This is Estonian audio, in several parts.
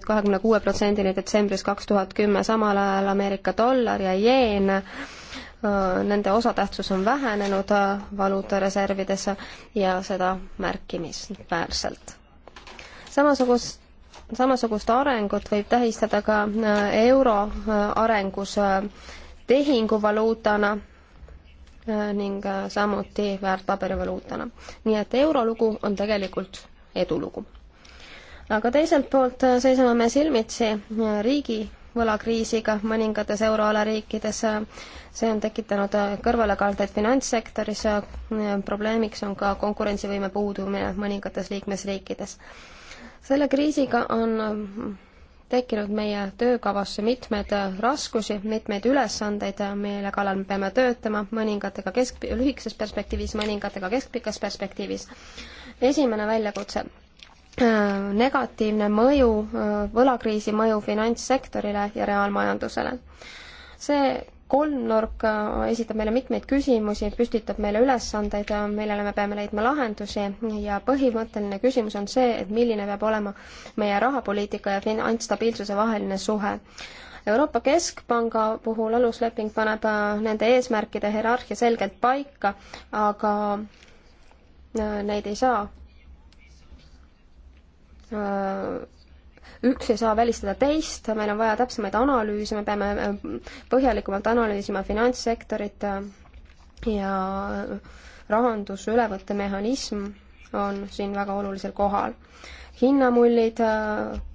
kahekümne kuue protsendini detsembris kaks tuhat kümme, samal ajal Ameerika dollar ja jeen, nende osatähtsus on vähenenud äh, valuutareservides ja seda märkimisväärselt. samasugust samasugust arengut võib tähistada ka äh, euro äh, arengus tehinguvaluutana ning samuti väärtpaberivaluutana. nii et eurolugu on tegelikult edulugu aga teiselt poolt äh, seisame me silmitsi äh, riigi võlakriisiga mõningates euroala riikides. see on tekitanud äh, kõrvalekaldeid finantssektoris, probleemiks on ka konkurentsivõime puudumine mõningates liikmesriikides. selle kriisiga on tekkinud meie töökavasse mitmeid raskusi, mitmeid ülesandeid, mille kallal me peame töötama, mõningatega kesk, lühikeses perspektiivis, mõningatega keskpikas perspektiivis. esimene väljakutse Äh, negatiivne mõju, äh, võlakriisi mõju finantssektorile ja reaalmajandusele. see kolmnurk äh, esitab meile mitmeid küsimusi, püstitab meile ülesandeid, millele me peame leidma lahendusi ja põhimõtteline küsimus on see, et milline peab olema meie rahapoliitika ja finantsstabiilsuse vaheline suhe. Euroopa Keskpanga puhul alusleping paneb nende eesmärkide hierarhia selgelt paika, aga neid ei saa Äh, üks ei saa välistada teist, meil on vaja täpsemaid analüüse, me peame äh, põhjalikumalt analüüsima finantssektorit äh, ja rahandusülevõttemehhanism on siin väga olulisel kohal. hinnamullid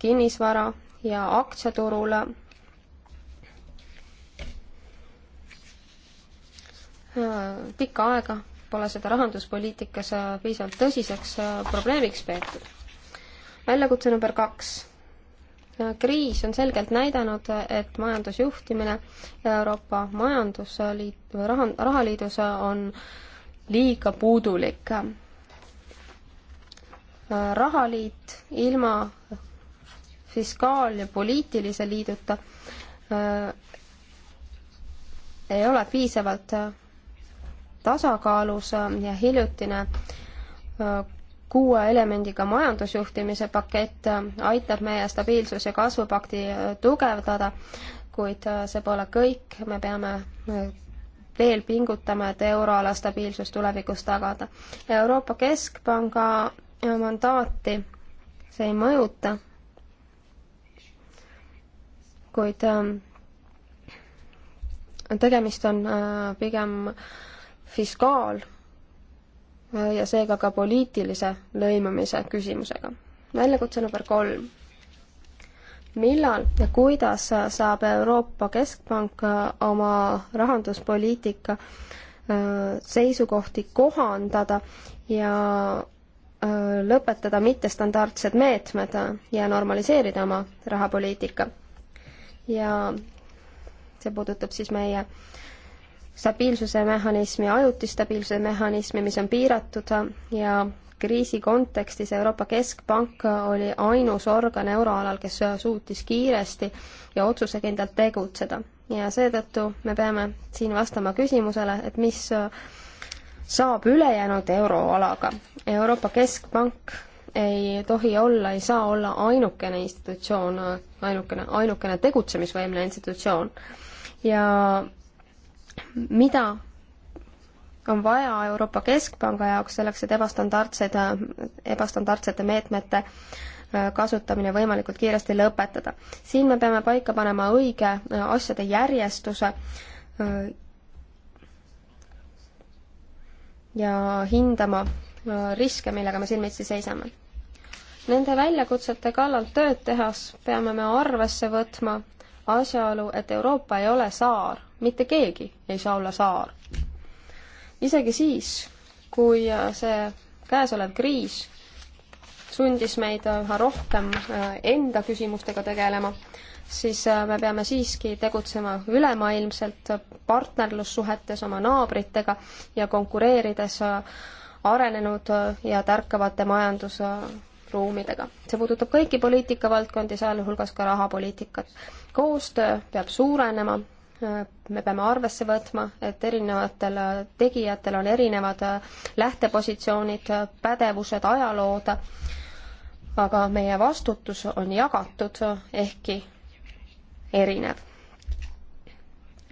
kinnisvara ja aktsiaturul pikka aega pole seda rahanduspoliitikas piisavalt tõsiseks probleemiks peetud väljakutse number kaks. kriis on selgelt näidanud, et majandusjuhtimine Euroopa Majandusliit, raha, rahaliidus on liiga puudulik. rahaliit ilma fiskaal- ja poliitilise liiduta äh, ei ole piisavalt äh, tasakaalus äh, ja hiljutine kuue elemendiga majandusjuhtimise pakett äh, aitab meie stabiilsus- ja kasvupakti äh, tugevdada, kuid äh, see pole kõik, me peame veel pingutama, et euroala stabiilsus tulevikus tagada. Euroopa Keskpanga mandaati see ei mõjuta, kuid tegemist on pigem fiskaal- ja seega ka poliitilise lõimumise küsimusega. väljakutse number kolm. millal ja kuidas saab Euroopa Keskpank äh, oma rahanduspoliitika äh, seisukohti kohandada ja äh, lõpetada mittestandardsed meetmed ja normaliseerida oma rahapoliitika. ja see puudutab siis meie äh, stabiilsuse mehhanismi, ajutise stabiilsuse mehhanismi, mis on piiratud ja kriisi kontekstis Euroopa Keskpank oli ainus organ euroalal, kes suutis kiiresti ja otsusekindlalt tegutseda. ja seetõttu me peame siin vastama küsimusele, et mis saab ülejäänud euroalaga. Euroopa Keskpank ei tohi olla, ei saa olla ainukene institutsioon, ainukene, ainukene tegutsemisvõimeline institutsioon. ja mida on vaja Euroopa Keskpanga jaoks selleks, et ebastandardsed, ebastandardsete meetmete äh, kasutamine võimalikult kiiresti lõpetada. siin me peame paika panema õige äh, asjade järjestuse äh, ja hindama riske, millega me silmitsi seisame. Nende väljakutsete kallal tööd tehas peame me arvesse võtma asjaolu, et Euroopa ei ole saar mitte keegi ei saa olla saar. isegi siis, kui äh, see käesolev kriis sundis meid äh, üha rohkem äh, enda küsimustega tegelema, siis me peame siiski tegutsema ülemaailmselt partnerlussuhetes oma naabritega ja konkureerides arenenud ja tärkavate majandusruumidega. see puudutab kõiki poliitikavaldkondi, sealhulgas ka rahapoliitikat. koostöö peab suurenema me peame arvesse võtma, et erinevatel äh, tegijatel on erinevad äh, lähtepositsioonid, äh, pädevused, ajalood, aga meie vastutus on jagatud, ehkki erinev.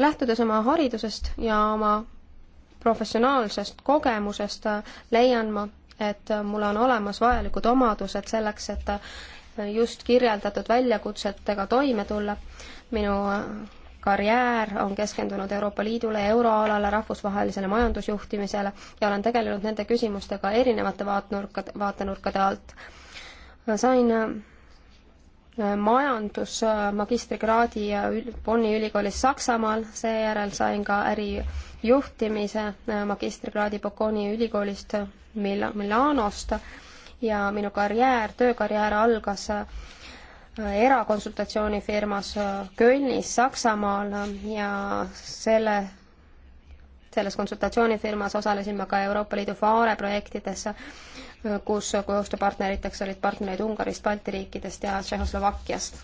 lähtudes oma haridusest ja oma professionaalsest kogemusest, leian ma, et mul on olemas vajalikud omadused selleks, et just kirjeldatud väljakutsetega toime tulla. minu karjäär on keskendunud Euroopa Liidule, euroalale, rahvusvahelisele majandusjuhtimisele ja olen tegelenud nende küsimustega erinevate vaatnurkade, vaatenurkade alt. sain äh, majandusmagistrikraadi äh, Bonni ülikoolis Saksamaal, seejärel sain ka ärijuhtimise äh, magistrikraadi Bocconi ülikoolist Mil-, Milanost ja minu karjäär, töökarjäär algas erakonsultatsioonifirmas äh, Kölnis Saksamaal äh, ja selle, selles konsultatsioonifirmas osalesin ma ka Euroopa Liidu Faare projektides, äh, kus koostööpartneriteks olid partnerid Ungarist, Balti riikidest ja Tšehhoslovakkiast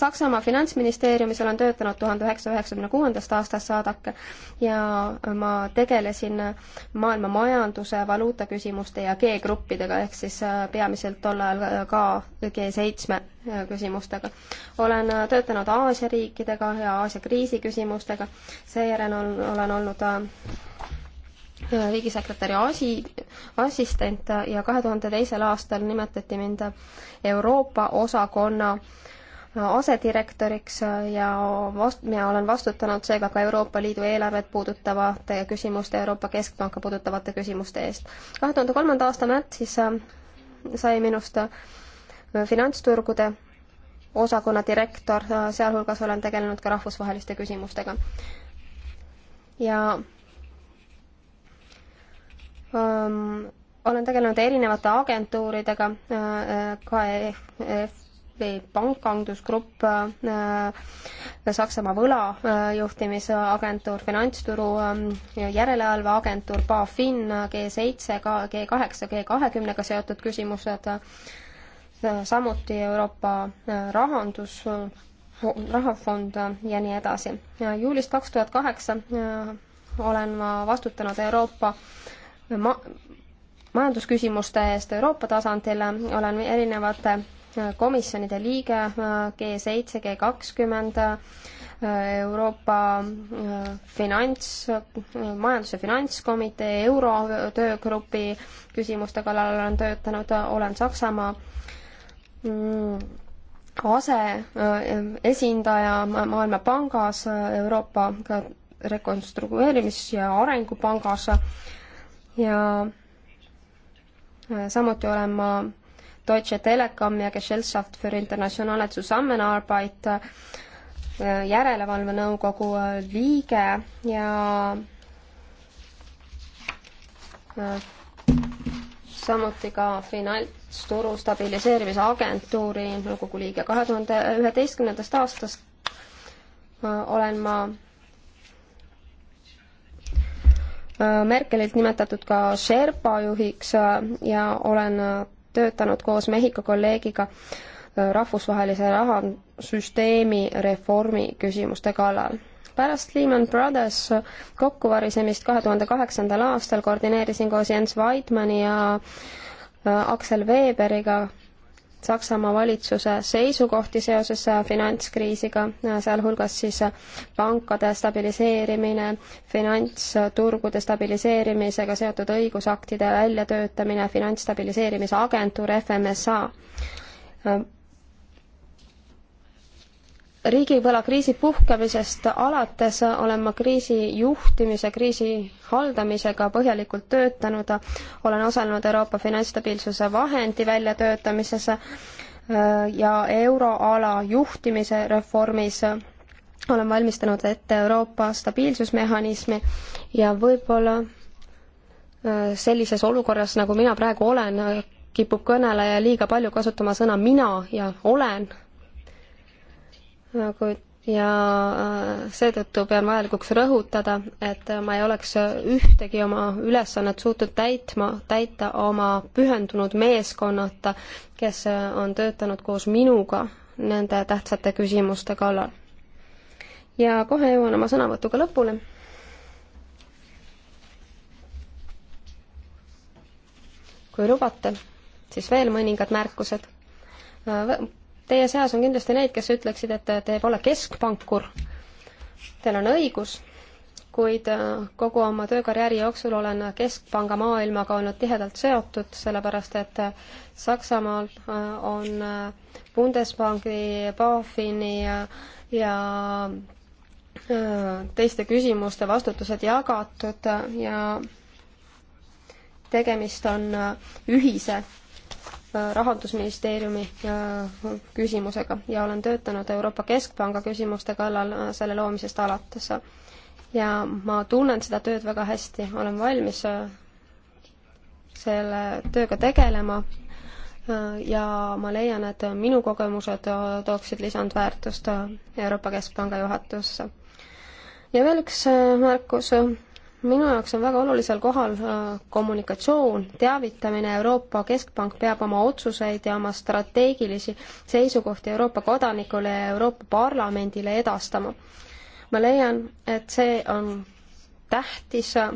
Saksamaa finantsministeeriumis olen töötanud tuhande üheksasaja üheksakümne kuuendast aastast saadake ja ma tegelesin maailma majanduse, valuutaküsimuste ja G-gruppidega, ehk siis äh, peamiselt tol ajal äh, ka G7 äh, küsimustega. olen töötanud Aasia riikidega ja Aasia kriisi küsimustega, seejärel on, olen olnud riigisekretäri asi, assistent ja kahe tuhande teisel aastal nimetati mind Euroopa osakonna äh, asedirektoriks äh, ja vast-, ja olen vastutanud seega ka Euroopa Liidu eelarvet puudutavate küsimuste, Euroopa Keskpanka puudutavate küsimuste eest. kahe tuhande kolmanda aasta märtsis äh, sai minust äh, finantsturgude osakonna direktor, sealhulgas olen tegelenud ka rahvusvaheliste küsimustega. ja öö, ähm, olen tegelenud erinevate agentuuridega, ka e e pangandusgrupp, äh, Saksamaa võlajuhtimisagentuur, finantsturu äh, järelevalveagentuur, BaFin, G7, G8, G20-ga seotud küsimused, äh, samuti Euroopa rahandus, rahafond ja nii edasi. juulist kaks tuhat kaheksa olen ma vastutanud Euroopa ma majandusküsimuste eest Euroopa tasandil, olen erinevate komisjonide liige G7, äh, G20, äh, Euroopa äh, finants, majandus- ja finantskomitee, euro töögrupi küsimuste kallal olen töötanud, olen Saksamaa mm, aseesindaja Maailmapangas, Euroopa Rekonstrueerimis- ja Arengupangas ja samuti olen ma Deutsche Telekom ja Gesellschaft für internationale Zusammenarbeit äh, järelevalvenõukogu äh, liige ja äh, samuti ka finantsturu stabiliseerimise agentuuri nõukogu liige. kahe tuhande üheteistkümnendast aastast olen ma Merkelilt nimetatud ka Sherpa juhiks ja olen töötanud koos Mehhiko kolleegiga äh, rahvusvahelise rahasüsteemi reformi küsimuste kallal. pärast Lehman Brothers kokkuvarisemist kahe tuhande kaheksandal aastal koordineerisin koos Jens Weidmanni ja äh, Aksel Weberiga Saksamaa valitsuse seisukohti seoses äh, finantskriisiga, äh, sealhulgas siis äh, pankade stabiliseerimine, finantsturgude stabiliseerimisega seotud õigusaktide väljatöötamine, finantsstabiliseerimise agentuur FMSA riigivõlakriisi puhkemisest alates olen ma kriisi juhtimise, kriisi haldamisega põhjalikult töötanud, olen osalenud Euroopa finantsstabiilsuse vahendi väljatöötamises äh, ja euroala juhtimise reformis, olen valmistanud ette Euroopa stabiilsusmehhanismi ja võib-olla äh, sellises olukorras, nagu mina praegu olen, äh, kipub kõneleja liiga palju kasutama sõna mina ja olen kuid nagu- ja äh, seetõttu pean vajalikuks rõhutada, et ma ei oleks ühtegi oma ülesannet suutnud täitma, täita oma pühendunud meeskonnata, kes on töötanud koos minuga nende tähtsate küsimuste kallal. ja kohe jõuan oma sõnavõtuga lõpule. kui lubate, siis veel mõningad märkused äh, Teie seas on kindlasti neid, kes ütleksid, et te pole keskpankur. Teil on õigus, kuid äh, kogu oma töökarjääri jooksul olen keskpanga maailmaga olnud tihedalt seotud, sellepärast et äh, Saksamaal äh, on Bundesbanki, BaFini ja, ja teiste küsimuste vastutused jagatud ja tegemist on ühise Äh, rahandusministeeriumi äh, küsimusega ja olen töötanud Euroopa Keskpanga küsimuste kallal äh, selle loomisest alates. ja ma tunnen seda tööd väga hästi, olen valmis selle tööga tegelema ja ma leian, et minu kogemused tooksid lisandväärtust Euroopa Keskpanga juhatusse. ja veel üks märkus minu jaoks on väga olulisel kohal äh, kommunikatsioon, teavitamine, Euroopa Keskpank peab oma otsuseid ja oma strateegilisi seisukohti Euroopa kodanikule ja Euroopa Parlamendile edastama. ma leian, et see on tähtis äh,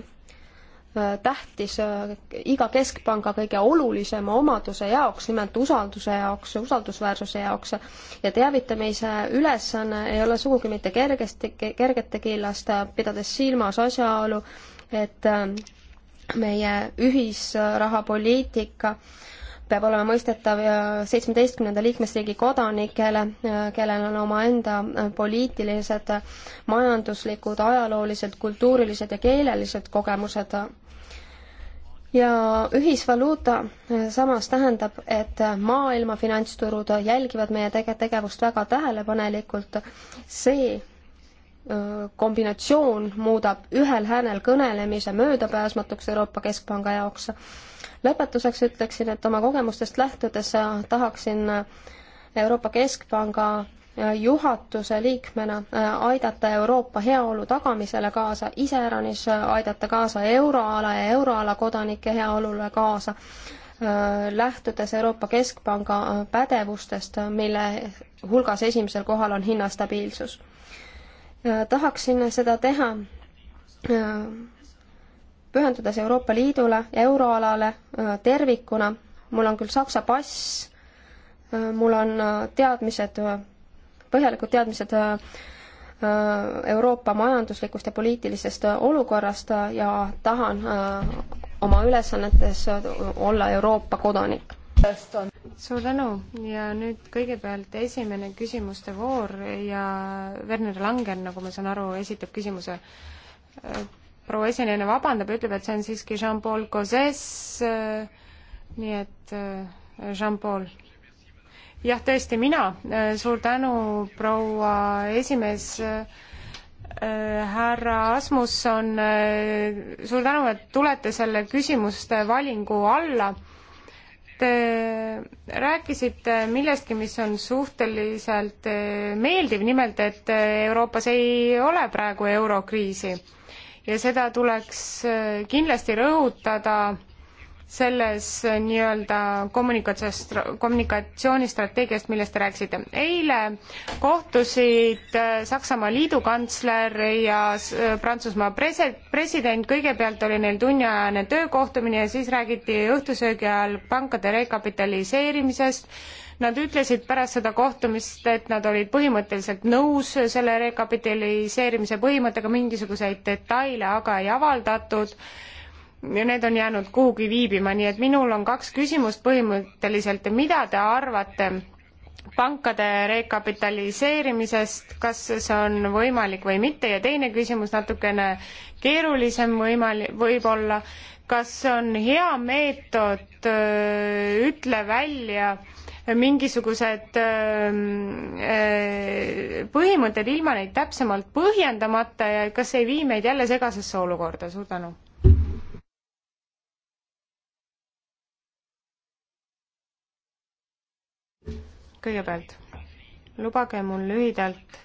Äh, tähtis äh, iga keskpanga kõige olulisema omaduse jaoks, nimelt usalduse jaoks, usaldusväärsuse jaoks ja teavitamise ülesanne ei ole sugugi mitte kergesti, kergete killast, äh, pidades silmas asjaolu, et meie ühisrahapoliitika peab olema mõistetav seitsmeteistkümnenda liikmesriigi kodanikele, kellel on omaenda poliitilised, majanduslikud, ajaloolised, kultuurilised ja keelelised kogemused ja ühisvaluuta eh, samas tähendab, et eh, maailma finantsturud jälgivad meie tege-, tegevust väga tähelepanelikult. see eh, kombinatsioon muudab ühel häälel kõnelemise möödapääsmatuks Euroopa Keskpanga jaoks. lõpetuseks ütleksin, et oma kogemustest lähtudes tahaksin Euroopa Keskpanga juhatuse liikmena äh, aidata Euroopa heaolu tagamisele kaasa, iseäranis äh, aidata kaasa euroala ja euroala kodanike heaolule kaasa, äh, lähtudes Euroopa Keskpanga pädevustest, mille hulgas esimesel kohal on hinnastabiilsus. tahaksin seda teha pühendudes Euroopa Liidule, euroalale tervikuna, mul on küll Saksa pass, mul on teadmised põhjalikud teadmised äh, äh, Euroopa majanduslikust ja poliitilisest äh, olukorrast ja tahan oma ülesannetes olla Euroopa kodanik. suur tänu ja nüüd kõigepealt esimene küsimuste voor ja Werner Langen, nagu ma saan aru, esitab küsimuse. proua esineja vabandab ja ütleb, et see on siiski Jean-Paul Gauzes, nii et Jean-Paul jah, tõesti mina, äh, suur tänu, proua esimees äh, härra Asmusson, äh, suur tänu, et tulete selle küsimuste valingu alla. Te rääkisite millestki, mis on suhteliselt meeldiv, nimelt et Euroopas ei ole praegu eurokriisi ja seda tuleks kindlasti rõhutada selles nii-öelda kommunikatsioonistrateegiast, millest te rääkisite. eile kohtusid äh, Saksamaa liidukantsler ja äh, Prantsusmaa prese-, president, kõigepealt oli neil tunniajane töökohtumine ja siis räägiti õhtusöögi ajal pankade rekapitaliseerimisest. Nad ütlesid pärast seda kohtumist, et nad olid põhimõtteliselt nõus selle rekapitaliseerimise põhimõttega, mingisuguseid detaile aga ei avaldatud ja need on jäänud kuhugi viibima, nii et minul on kaks küsimust põhimõtteliselt, mida te arvate pankade rekapitaliseerimisest, kas see on võimalik või mitte ja teine küsimus natukene keerulisem võimal-, võib-olla, kas on hea meetod, ütle välja mingisugused põhimõtted ilma neid täpsemalt põhjendamata ja kas ei vii meid jälle segasesse olukorda, suur tänu kõigepealt lubage mul lühidalt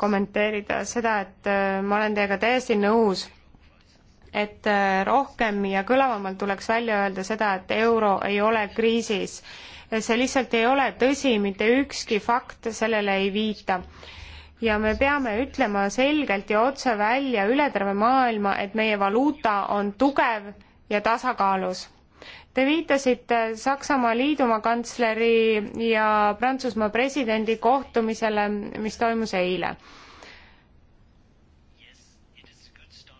kommenteerida seda, et äh, ma olen teiega täiesti nõus, et äh, rohkem ja kõlavamalt tuleks välja öelda seda, et euro ei ole kriisis. see lihtsalt ei ole tõsi, mitte ükski fakt sellele ei viita. ja me peame ütlema selgelt ja otse välja üle terve maailma, et meie valuuta on tugev ja tasakaalus Te viitasite Saksamaa liidumaa kantsleri ja Prantsusmaa presidendi kohtumisele, mis toimus eile.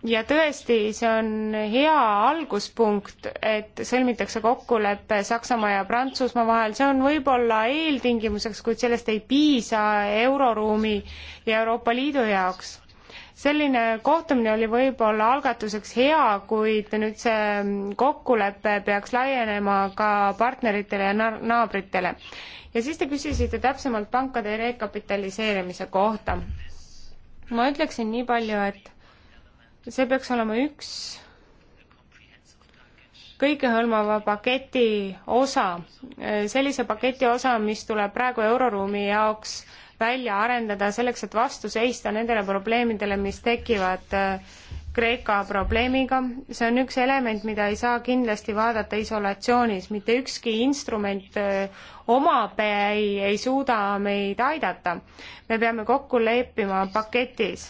ja tõesti, see on hea alguspunkt, et sõlmitakse kokkulepe Saksamaa ja Prantsusmaa vahel, see on võib-olla eeltingimuseks, kuid sellest ei piisa euroruumi ja Euroopa Liidu jaoks selline kohtumine oli võib-olla algatuseks hea, kuid nüüd see kokkulepe peaks laienema ka partneritele ja naabritele. ja siis te küsisite täpsemalt pankade rekapitaliseerimise kohta. ma ütleksin nii palju, et see peaks olema üks kõikehõlmava paketi osa, sellise paketi osa, mis tuleb praegu Euroruumi jaoks äh, välja arendada selleks, et vastu seista nendele probleemidele, mis tekivad äh, Kreeka probleemiga, see on üks element, mida ei saa kindlasti vaadata isolatsioonis, mitte ükski instrument äh, omapäi ei, ei suuda meid aidata. me peame kokku leppima paketis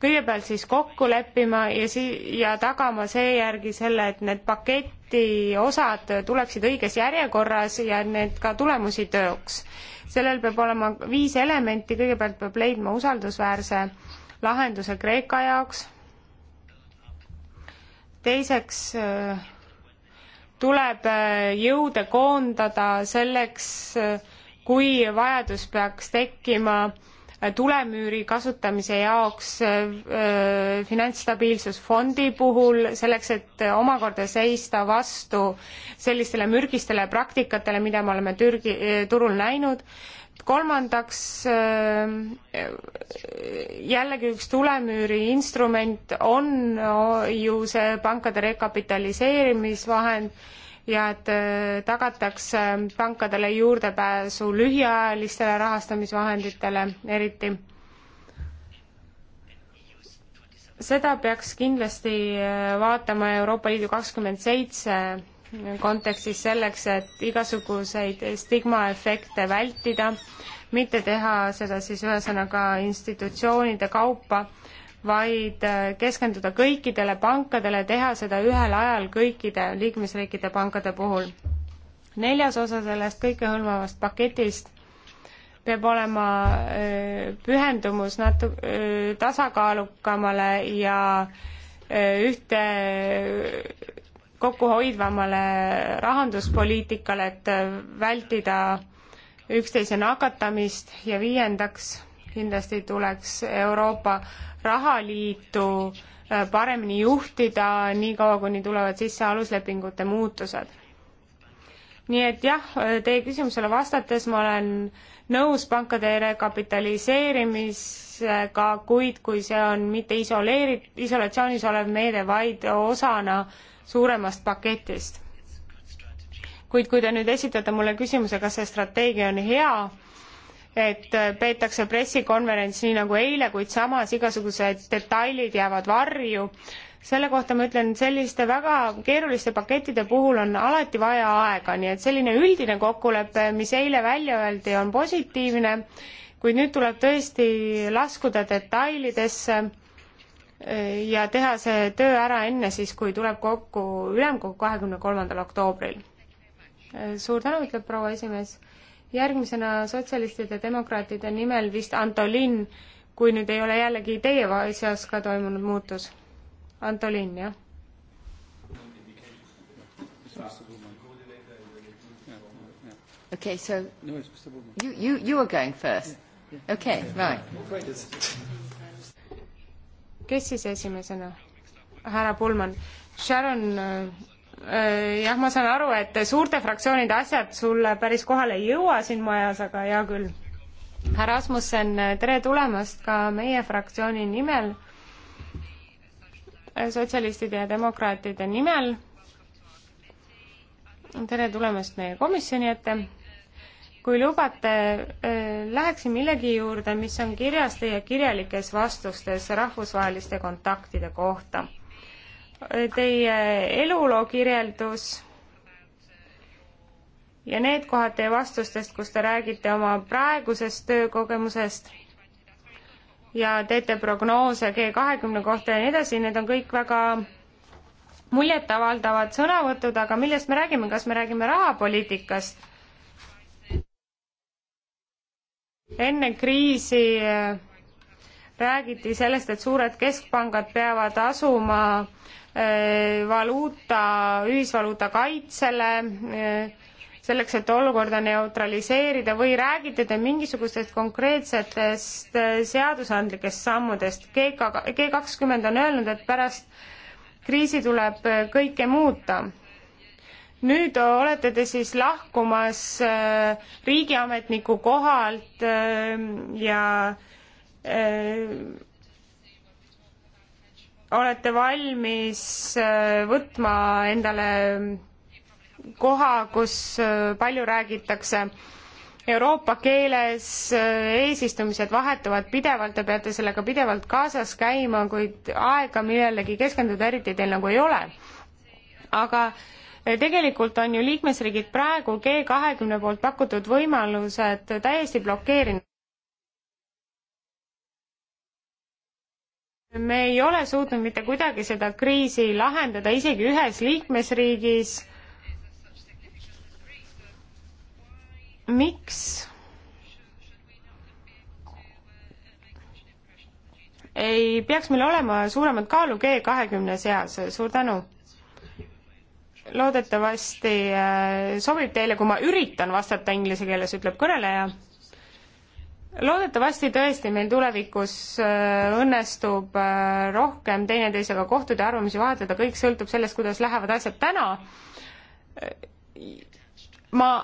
kõigepealt siis kokku leppima ja si- ja tagama seejärgi selle, et need pakett, projekti osad tuleksid õiges järjekorras ja need ka tulemusi tööks. sellel peab olema viis elementi, kõigepealt peab leidma usaldusväärse lahenduse Kreeka jaoks, teiseks äh, tuleb äh, jõude koondada selleks, äh, kui vajadus peaks tekkima Äh, tulemüüri kasutamise jaoks äh, äh, finantsstabiilsusfondi puhul, selleks et omakorda seista vastu sellistele mürgistele praktikatele, mida me oleme Türgi turul näinud. kolmandaks jällegi üks tulemüüri instrument on ju see pankade rekapitaliseerimisvahend ja et äh, tagatakse pankadele juurdepääsu lühiajalistele rahastamisvahenditele eriti. seda peaks kindlasti äh, vaatama Euroopa Liidu kakskümmend seitse kontekstis selleks, et igasuguseid stigmaefekte vältida, mitte teha seda siis ühesõnaga institutsioonide kaupa vaid äh, keskenduda kõikidele pankadele, teha seda ühel ajal kõikide liikmesriikide pankade puhul. neljas osa sellest kõikehõlmavast paketist peab olema äh, pühendumus natu-, äh, tasakaalukamale ja ühte kokkuhoidvamale rahanduspoliitikale, et vältida üksteise nakatamist ja viiendaks kindlasti tuleks Euroopa rahaliitu äh, paremini juhtida, niikaua kuni tulevad sisse aluslepingute muutused. nii et jah, teie küsimusele vastates ma olen nõus pankade rekapitaliseerimisega, kuid kui see on mitte isoleeri-, isolatsioonis olev meede, vaid osana suuremast paketist. kuid kui te nüüd esitate mulle küsimuse, kas see strateegia on hea, et peetakse pressikonverents nii nagu eile, kuid samas igasugused detailid jäävad varju. selle kohta ma ütlen, selliste väga keeruliste pakettide puhul on alati vaja aega, nii et selline üldine kokkulepe, mis eile välja öeldi, on positiivne, kuid nüüd tuleb tõesti laskuda detailidesse eh, ja teha see töö ära enne siis, kui tuleb kokku ülemkogu kahekümne kolmandal oktoobril. Eh, suur tänu, ütleb proua esimees järgmisena sotsialistide demokraatide nimel vist Antolin, kui nüüd ei ole jällegi teie seas ka toimunud muutus. Antolin, jah. Okay, so you, you, you are going first. Okay, right. kes siis esimesena? härra Pullman. Sharon äh, Äh, jah, ma saan aru, et suurte fraktsioonide asjad sulle päris kohale ei jõua siin majas, aga hea küll. härra Asmussen, tere tulemast ka meie fraktsiooni nimel, äh, sotsialistide ja demokraatide nimel. tere tulemast meie komisjoni ette. kui lubate, äh, läheksin millegi juurde, mis on kirjas teie kirjalikes vastustes rahvusvaheliste kontaktide kohta teie eluloo kirjeldus ja need kohad teie vastustest, kus te räägite oma praegusest töökogemusest ja teete prognoose G kahekümne kohta ja nii edasi, need on kõik väga muljetavaldavad sõnavõtud, aga millest me räägime, kas me räägime rahapoliitikast? enne kriisi räägiti sellest, et suured keskpangad peavad asuma eh, valuuta, ühisvaluuta kaitsele, eh, selleks, et olukorda neutraliseerida või räägite te mingisugustest konkreetsetest eh, seadusandlikest sammudest? G kakskümmend on öelnud, et pärast kriisi tuleb kõike muuta nüüd olete te siis lahkumas riigiametniku kohalt ja Äh, olete valmis äh, võtma endale koha, kus äh, palju räägitakse Euroopa keeles, eesistumised vahetuvad pidevalt, te peate sellega pidevalt kaasas käima, kuid aega millelegi keskenduda eriti teil nagu ei ole. aga tegelikult on ju liikmesriigid praegu G kahekümne poolt pakutud võimalused täiesti blokeerinud. me ei ole suutnud mitte kuidagi seda kriisi lahendada isegi ühes liikmesriigis. miks? ei peaks meil olema suuremat kaalu G kahekümne seas, suur tänu. loodetavasti äh, sobib teile, kui ma üritan vastata inglise keeles, ütleb kõneleja loodetavasti tõesti meil tulevikus äh, õnnestub äh, rohkem teineteisega kohtuda ja arvamusi vahetada, kõik sõltub sellest, kuidas lähevad asjad täna. Äh, ma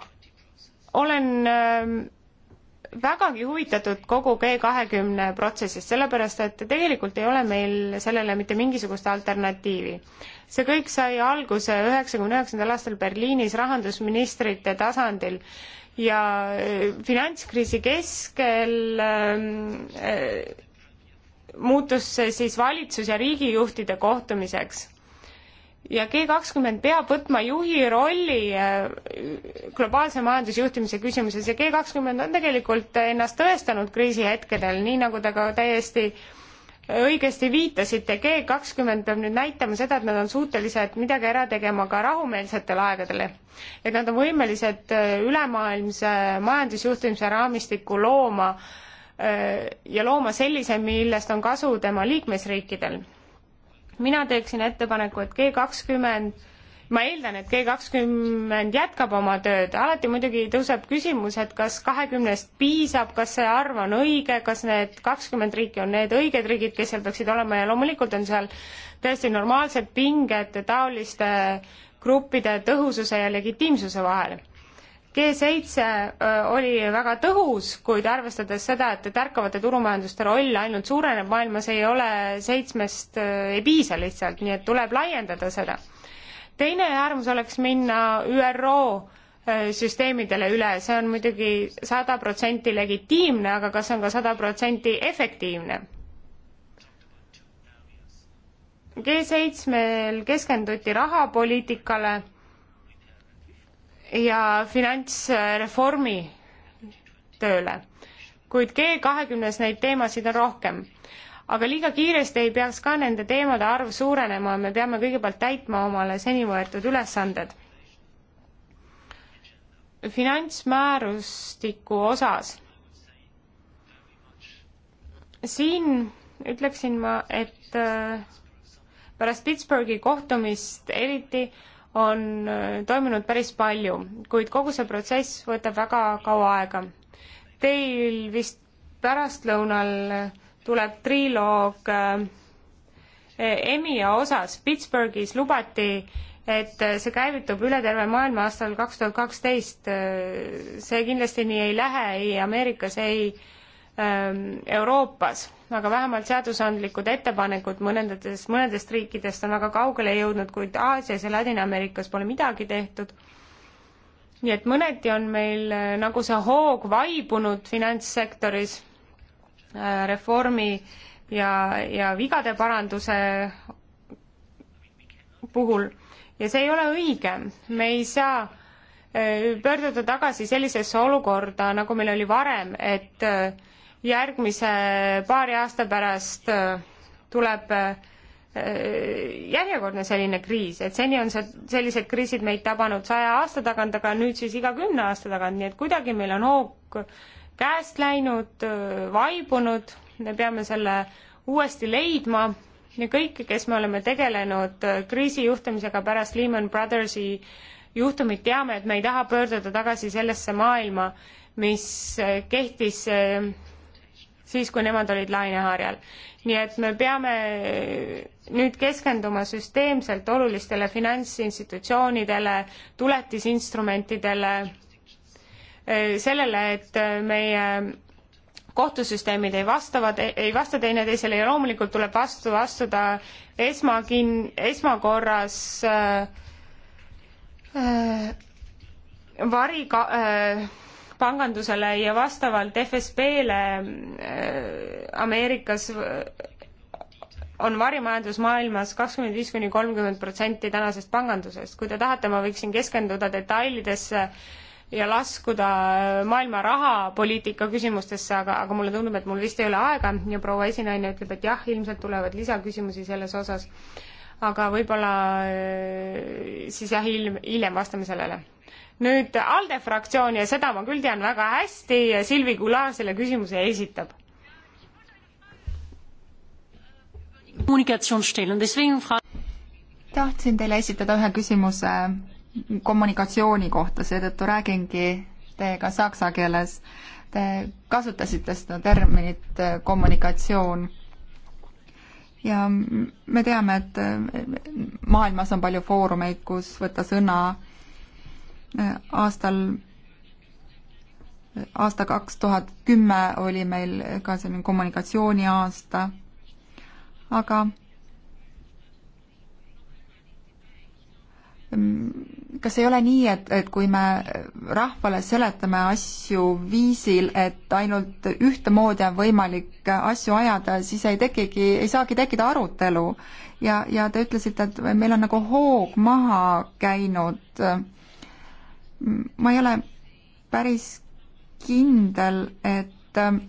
olen vägagi huvitatud kogu G kahekümne protsessist, sellepärast et tegelikult ei ole meil sellele mitte mingisugust alternatiivi. see kõik sai alguse üheksakümne üheksandal aastal Berliinis rahandusministrite tasandil ja eh, finantskriisi keskel ehm, eh, muutus see siis valitsus- ja riigijuhtide kohtumiseks. ja G kakskümmend peab võtma juhi rolli eh, globaalse majandusjuhtimise küsimuses ja G kakskümmend on tegelikult ennast tõestanud kriisihetkedel, nii nagu ta ka täiesti äh, õigesti viitasite, G kakskümmend peab nüüd näitama seda, et nad on suutelised midagi ära tegema ka rahumeelsetel aegadel. et nad on võimelised äh, ülemaailmse majandusjuhtimise raamistiku looma äh, ja looma sellise, millest on kasu tema liikmesriikidel. mina teeksin ettepaneku, et G kakskümmend 20 ma eeldan, et G kakskümmend jätkab oma tööd, alati muidugi tõuseb küsimus, et kas kahekümnest piisab, kas see arv on õige, kas need kakskümmend riiki on need õiged riigid, kes seal peaksid olema ja loomulikult on seal täiesti normaalsed pinged taoliste gruppide tõhususe ja legitiimsuse vahel G7 oli väga tõhus, kuid arvestades seda, et tärkavate turumajanduste roll ainult suureneb maailmas, ei ole seitsmest, ei piisa lihtsalt, nii et tuleb laiendada seda teine äärmus oleks minna ÜRO äh, süsteemidele üle, see on muidugi sada protsenti legitiimne, aga kas on ka sada protsenti efektiivne? G7-l keskenduti rahapoliitikale ja finantsreformi tööle, kuid G20-s neid teemasid on rohkem aga liiga kiiresti ei peaks ka nende teemade arv suurenema, me peame kõigepealt täitma omale seni võetud ülesanded. finantsmäärustiku osas. siin ütleksin ma, et äh, pärast Pittsburghi kohtumist eriti on äh, toimunud päris palju, kuid kogu see protsess võtab väga kaua aega. Teil vist pärastlõunal äh, tuleb triloog äh, EMIA osas. Pittsburghis lubati, et see käivitub üle terve maailma aastal kaks tuhat kaksteist. see kindlasti nii ei lähe ei Ameerikas, ei ähm, Euroopas, aga vähemalt seadusandlikud ettepanekud mõnedest, mõnedest riikidest on väga kaugele jõudnud, kuid Aasias ja Ladina-Ameerikas pole midagi tehtud. nii et mõneti on meil äh, nagu see hoog vaibunud finantssektoris Äh, reformi ja, ja vigade paranduse puhul ja see ei ole õige, me ei saa äh, pöörduda tagasi sellisesse olukorda, nagu meil oli varem, et äh, järgmise paari aasta pärast tuleb järjekordne selline kriis, et seni on see, sellised kriisid meid tabanud saja aasta tagant, aga nüüd siis iga kümne aasta tagant, nii et kuidagi meil on hoog käest läinud, vaibunud, me peame selle uuesti leidma ja kõik, kes me oleme tegelenud kriisijuhtimisega pärast Lehman Brothersi juhtumit, teame, et me ei taha pöörduda tagasi sellesse maailma, mis kehtis eh, siis, kui nemad olid laineharjal. nii et me peame eh, nüüd keskenduma süsteemselt olulistele finantsinstitutsioonidele, tuletisinstrumentidele, Eh, sellele, et eh, meie kohtusüsteemid ei vastavad, ei vasta teineteisele ja loomulikult tuleb vastu astuda esmakin-, esmakorras äh, äh, variga- äh,, pangandusele ja vastavalt FSB-le äh, Ameerikas äh, on varimajandus maailmas kakskümmend viis kuni kolmkümmend protsenti tänasest pangandusest. kui te tahate, ma võiksin keskenduda detailidesse äh, ja laskuda maailma rahapoliitika küsimustesse, aga, aga mulle tundub, et mul vist ei ole aega ja proua esinaine ütleb, et jah, ilmselt tulevad lisaküsimusi selles osas. aga võib-olla äh, siis jah, hiljem, hiljem vastame sellele. nüüd ALDE fraktsioon ja seda ma küll tean väga hästi, Silvi Kular selle küsimuse esitab. tahtsin teile esitada ühe küsimuse kommunikatsiooni kohta, seetõttu räägingi teiega saksa keeles. Te kasutasite seda terminit eh, kommunikatsioon. ja me teame, et eh, maailmas on palju foorumeid, kus võtta sõna eh, aastal aasta kaks tuhat kümme oli meil ka selline kommunikatsiooniaasta, aga Ehm, kas ei ole nii, et, et kui me rahvale seletame asju viisil, et ainult ühtemoodi on võimalik asju ajada, siis ei tekigi, ei saagi tekkida arutelu. ja, ja te ütlesite, et meil on nagu hoog maha käinud. ma ei ole päris kindel, et äh,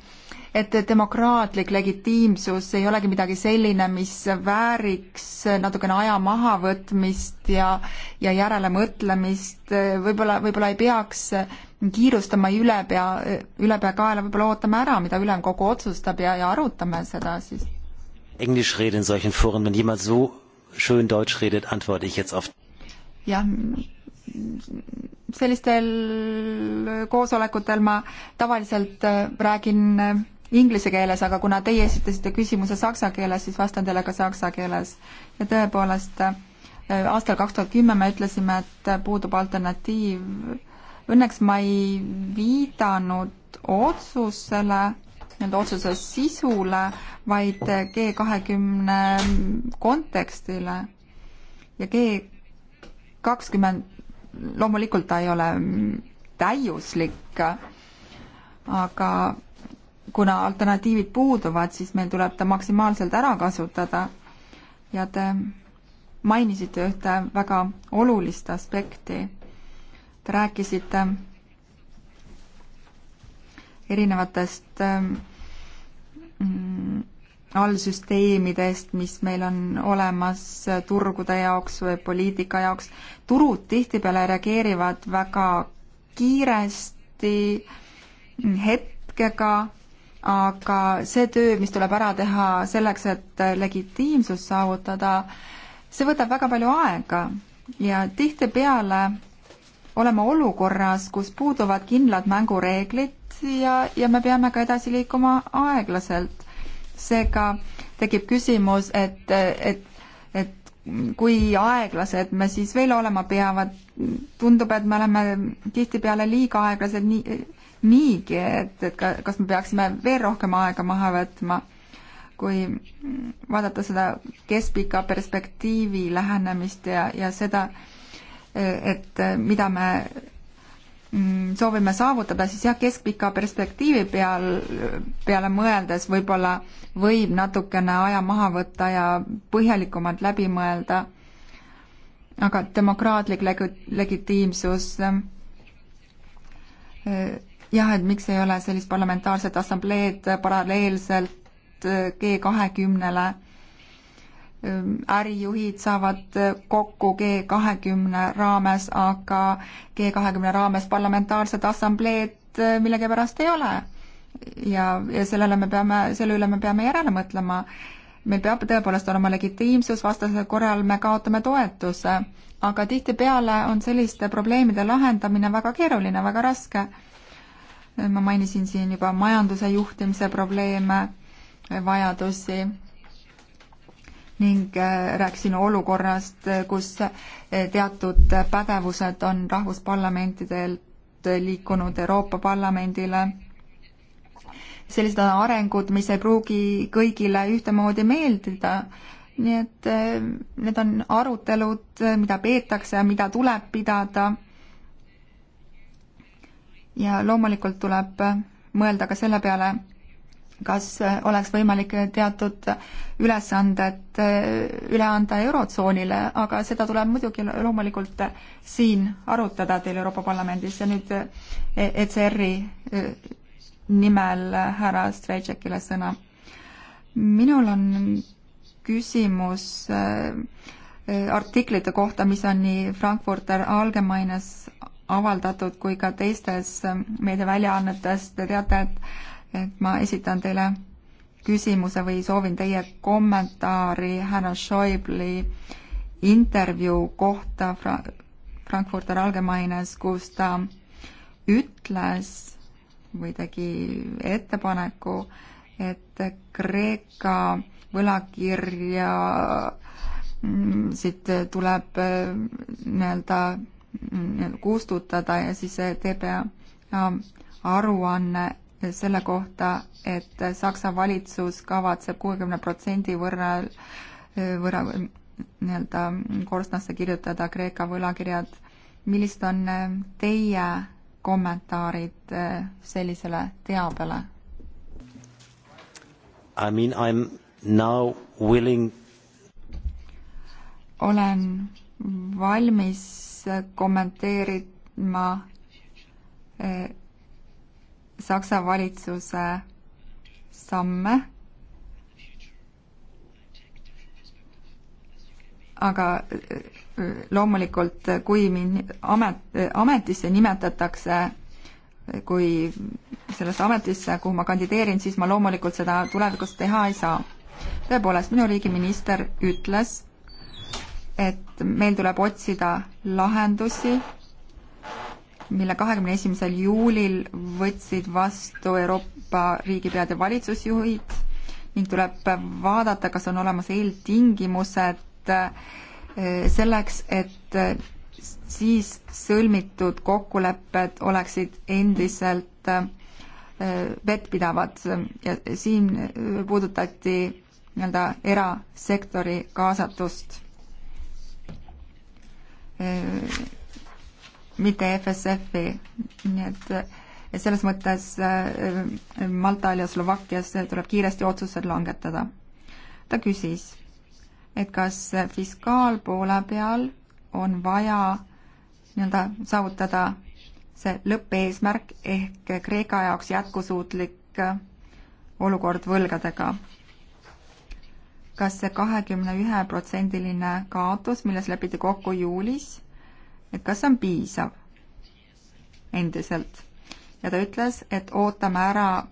et demokraatlik legitiimsus ei olegi midagi selline, mis vääriks natukene aja mahavõtmist ja, ja järelemõtlemist, võib-olla, võib-olla ei peaks kiirustama ülepea, ülepeakaela, võib-olla ootame ära, mida ülemkogu otsustab ja, ja arutame seda siis. Englisch rede in solchen Foren, wenn jemand so schön Deutsch redet, antworte ich jetzt auf. jah, sellistel koosolekutel ma tavaliselt räägin inglise keeles, aga kuna teie esitasite küsimuse saksa keeles, siis vastan teile ka saksa keeles. ja tõepoolest, äh, aastal kaks tuhat kümme me ütlesime, et puudub alternatiiv. Õnneks ma ei viidanud otsusele, nii-öelda otsuse sisule, vaid G kahekümne kontekstile. ja G kakskümmend, loomulikult ta ei ole täiuslik, aga kuna alternatiivid puuduvad, siis meil tuleb ta maksimaalselt ära kasutada. ja te mainisite ühte väga olulist aspekti. Te rääkisite erinevatest ähm, mm, allsüsteemidest, mis meil on olemas turgude jaoks või poliitika jaoks. turud tihtipeale reageerivad väga kiiresti, mm, hetkega aga see töö, mis tuleb ära teha selleks, et legitiimsust saavutada, see võtab väga palju aega ja tihtipeale olema olukorras, kus puuduvad kindlad mängureeglid ja, ja me peame ka edasi liikuma aeglaselt. seega tekib küsimus, et, et, et kui aeglased me siis veel olema peavad, tundub, et me oleme tihtipeale liiga aeglased nii niigi, et, et kas me peaksime veel rohkem aega maha võtma, kui vaadata seda keskpika perspektiivi lähenemist ja, ja seda, et mida me mm, soovime saavutada, siis jah, keskpika perspektiivi peal, peale mõeldes võib-olla võib natukene aja maha võtta ja põhjalikumalt läbi mõelda, aga demokraatlik legi-, legitiimsus jah, et miks ei ole sellist parlamentaarset assambleed paralleelselt äh, G kahekümnele. ärijuhid saavad äh, kokku G kahekümne raames, aga G kahekümne raames parlamentaarset assambleed äh, millegipärast ei ole. ja, ja sellele me peame, selle üle me peame järele mõtlema. meil peab tõepoolest olema legitiimsus, vastasel korral me kaotame toetuse, aga tihtipeale on selliste probleemide lahendamine väga keeruline, väga raske ma mainisin siin juba majanduse juhtimise probleeme, vajadusi ning äh, rääkisin olukorrast, kus äh, teatud pädevused on rahvusparlamentidelt liikunud Euroopa Parlamendile. sellised on arengud, mis ei pruugi kõigile ühtemoodi meeldida nii et äh, need on arutelud, mida peetakse ja mida tuleb pidada ja loomulikult tuleb mõelda ka selle peale, kas oleks võimalik teatud ülesanded eh, üle anda Eurotsoonile, aga seda tuleb muidugi loomulikult siin arutada teil Euroopa Parlamendis ja nüüd ECR-i eh, e eh, nimel härra Strejčekile sõna. minul on küsimus artiklite kohta, mis on nii Frankfurter Allgemeines avaldatud kui ka teistes meediaväljaannetes, te teate, et et ma esitan teile küsimuse või soovin teie kommentaari härra Schäubli intervjuu kohta Fra Frankfurter Allgemeines, kus ta ütles või tegi ettepaneku, et Kreeka võlakirja mm, siit tuleb äh, nii-öelda Mm, kustutada ja siis TPA ähm, aruanne selle kohta, et Saksa valitsus kavatseb kuuekümne protsendi võrra, äh, võrra nii-öelda korstnasse kirjutada Kreeka võlakirjad. millised on äh, teie kommentaarid äh, sellisele teabele? I mean I am now willing olen valmis kommenteerima eh, Saksa valitsuse samme, aga eh, loomulikult, kui mind amet, ametisse nimetatakse, kui sellesse ametisse, kuhu ma kandideerin, siis ma loomulikult seda tulevikus teha ei saa. tõepoolest, minu riigi minister ütles, et meil tuleb otsida lahendusi, mille kahekümne esimesel juulil võtsid vastu Euroopa riigipead ja valitsusjuhid ning tuleb vaadata, kas on olemas eeltingimused eh, selleks, et siis sõlmitud kokkulepped oleksid endiselt eh, vettpidavad ja siin puudutati nii-öelda erasektori kaasatust mitte FSF-i, nii et selles mõttes äh, Maltal ja Slovakkias tuleb kiiresti otsused langetada. ta küsis, et kas fiskaalpoole peal on vaja nii-öelda saavutada see lõppeesmärk ehk Kreeka jaoks jätkusuutlik äh, olukord võlgadega kas see kahekümne ühe protsendiline kaotus, milles lepiti kokku juulis, et kas see on piisav endiselt. ja ta ütles, et ootame ära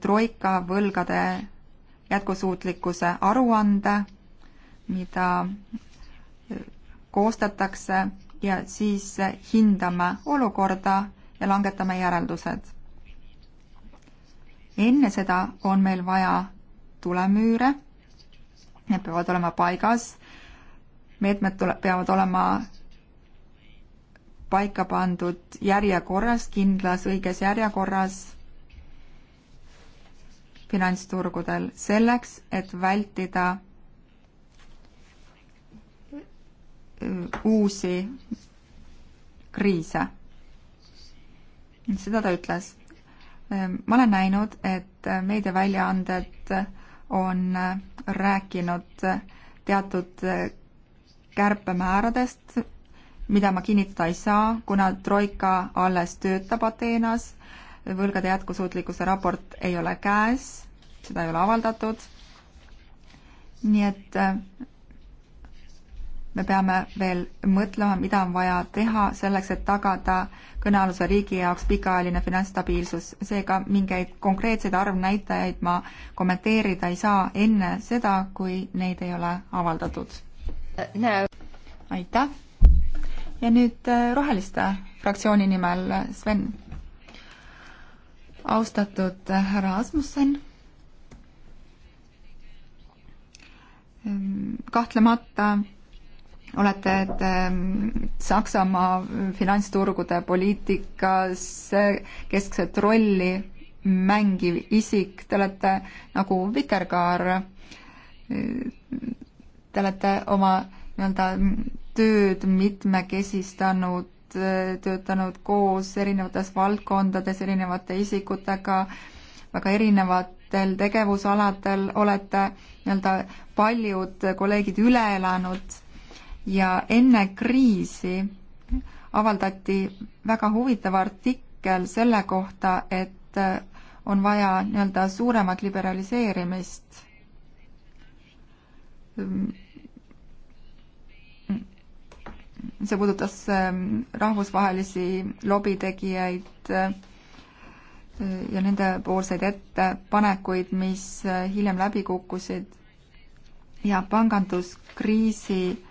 troika võlgade jätkusuutlikkuse aruande, mida koostatakse ja siis hindame olukorda ja langetame järeldused. enne seda on meil vaja tulemüüre need peavad olema paigas, meetmed tule-, peavad olema paika pandud järjekorras, kindlas õiges järjekorras finantsturgudel, selleks et vältida äh, uusi kriise. seda ta ütles. Äh, ma olen näinud, et meediaväljaanded on rääkinud teatud kärpemääradest, mida ma kinnitada ei saa, kuna Troika alles töötab Ateenas, võlgade jätkusuutlikkuse raport ei ole käes, seda ei ole avaldatud, nii et me peame veel mõtlema, mida on vaja teha selleks, et tagada kõnealuse riigi jaoks pikaajaline finantsstabiilsus. seega mingeid konkreetseid arvnäitajaid ma kommenteerida ei saa enne seda, kui neid ei ole avaldatud no.. aitäh. ja nüüd äh, Roheliste fraktsiooni nimel Sven. austatud äh, härra Asmussen ehm, kahtlemata olete, et ehm, Saksamaa finantsturgude poliitikas keskset rolli mängiv isik, te olete nagu vikerkaar. Te olete oma nii-öelda tööd mitmekesistanud, töötanud koos erinevates valdkondades erinevate isikutega, väga erinevatel tegevusaladel olete nii-öelda paljud kolleegid üle elanud ja enne kriisi avaldati väga huvitav artikkel selle kohta, et on vaja nii-öelda suuremat liberaliseerimist. see puudutas ähm, rahvusvahelisi lobitegijaid äh, ja nendepoolseid ettepanekuid, mis äh, hiljem läbi kukkusid ja panganduskriisi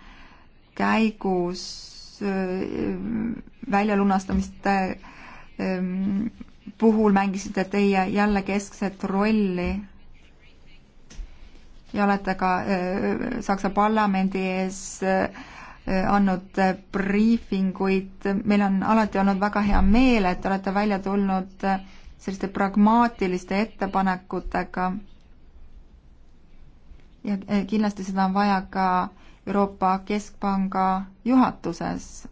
käigus äh, väljalunastamiste ähm, puhul mängisite teie jälle keskset rolli ja olete ka äh, Saksa parlamendi ees äh, andnud briifinguid. meil on alati olnud väga hea meel, et olete välja tulnud selliste pragmaatiliste ettepanekutega. ja kindlasti seda on vaja ka äh, Euroopa Keskpanga juhatuses.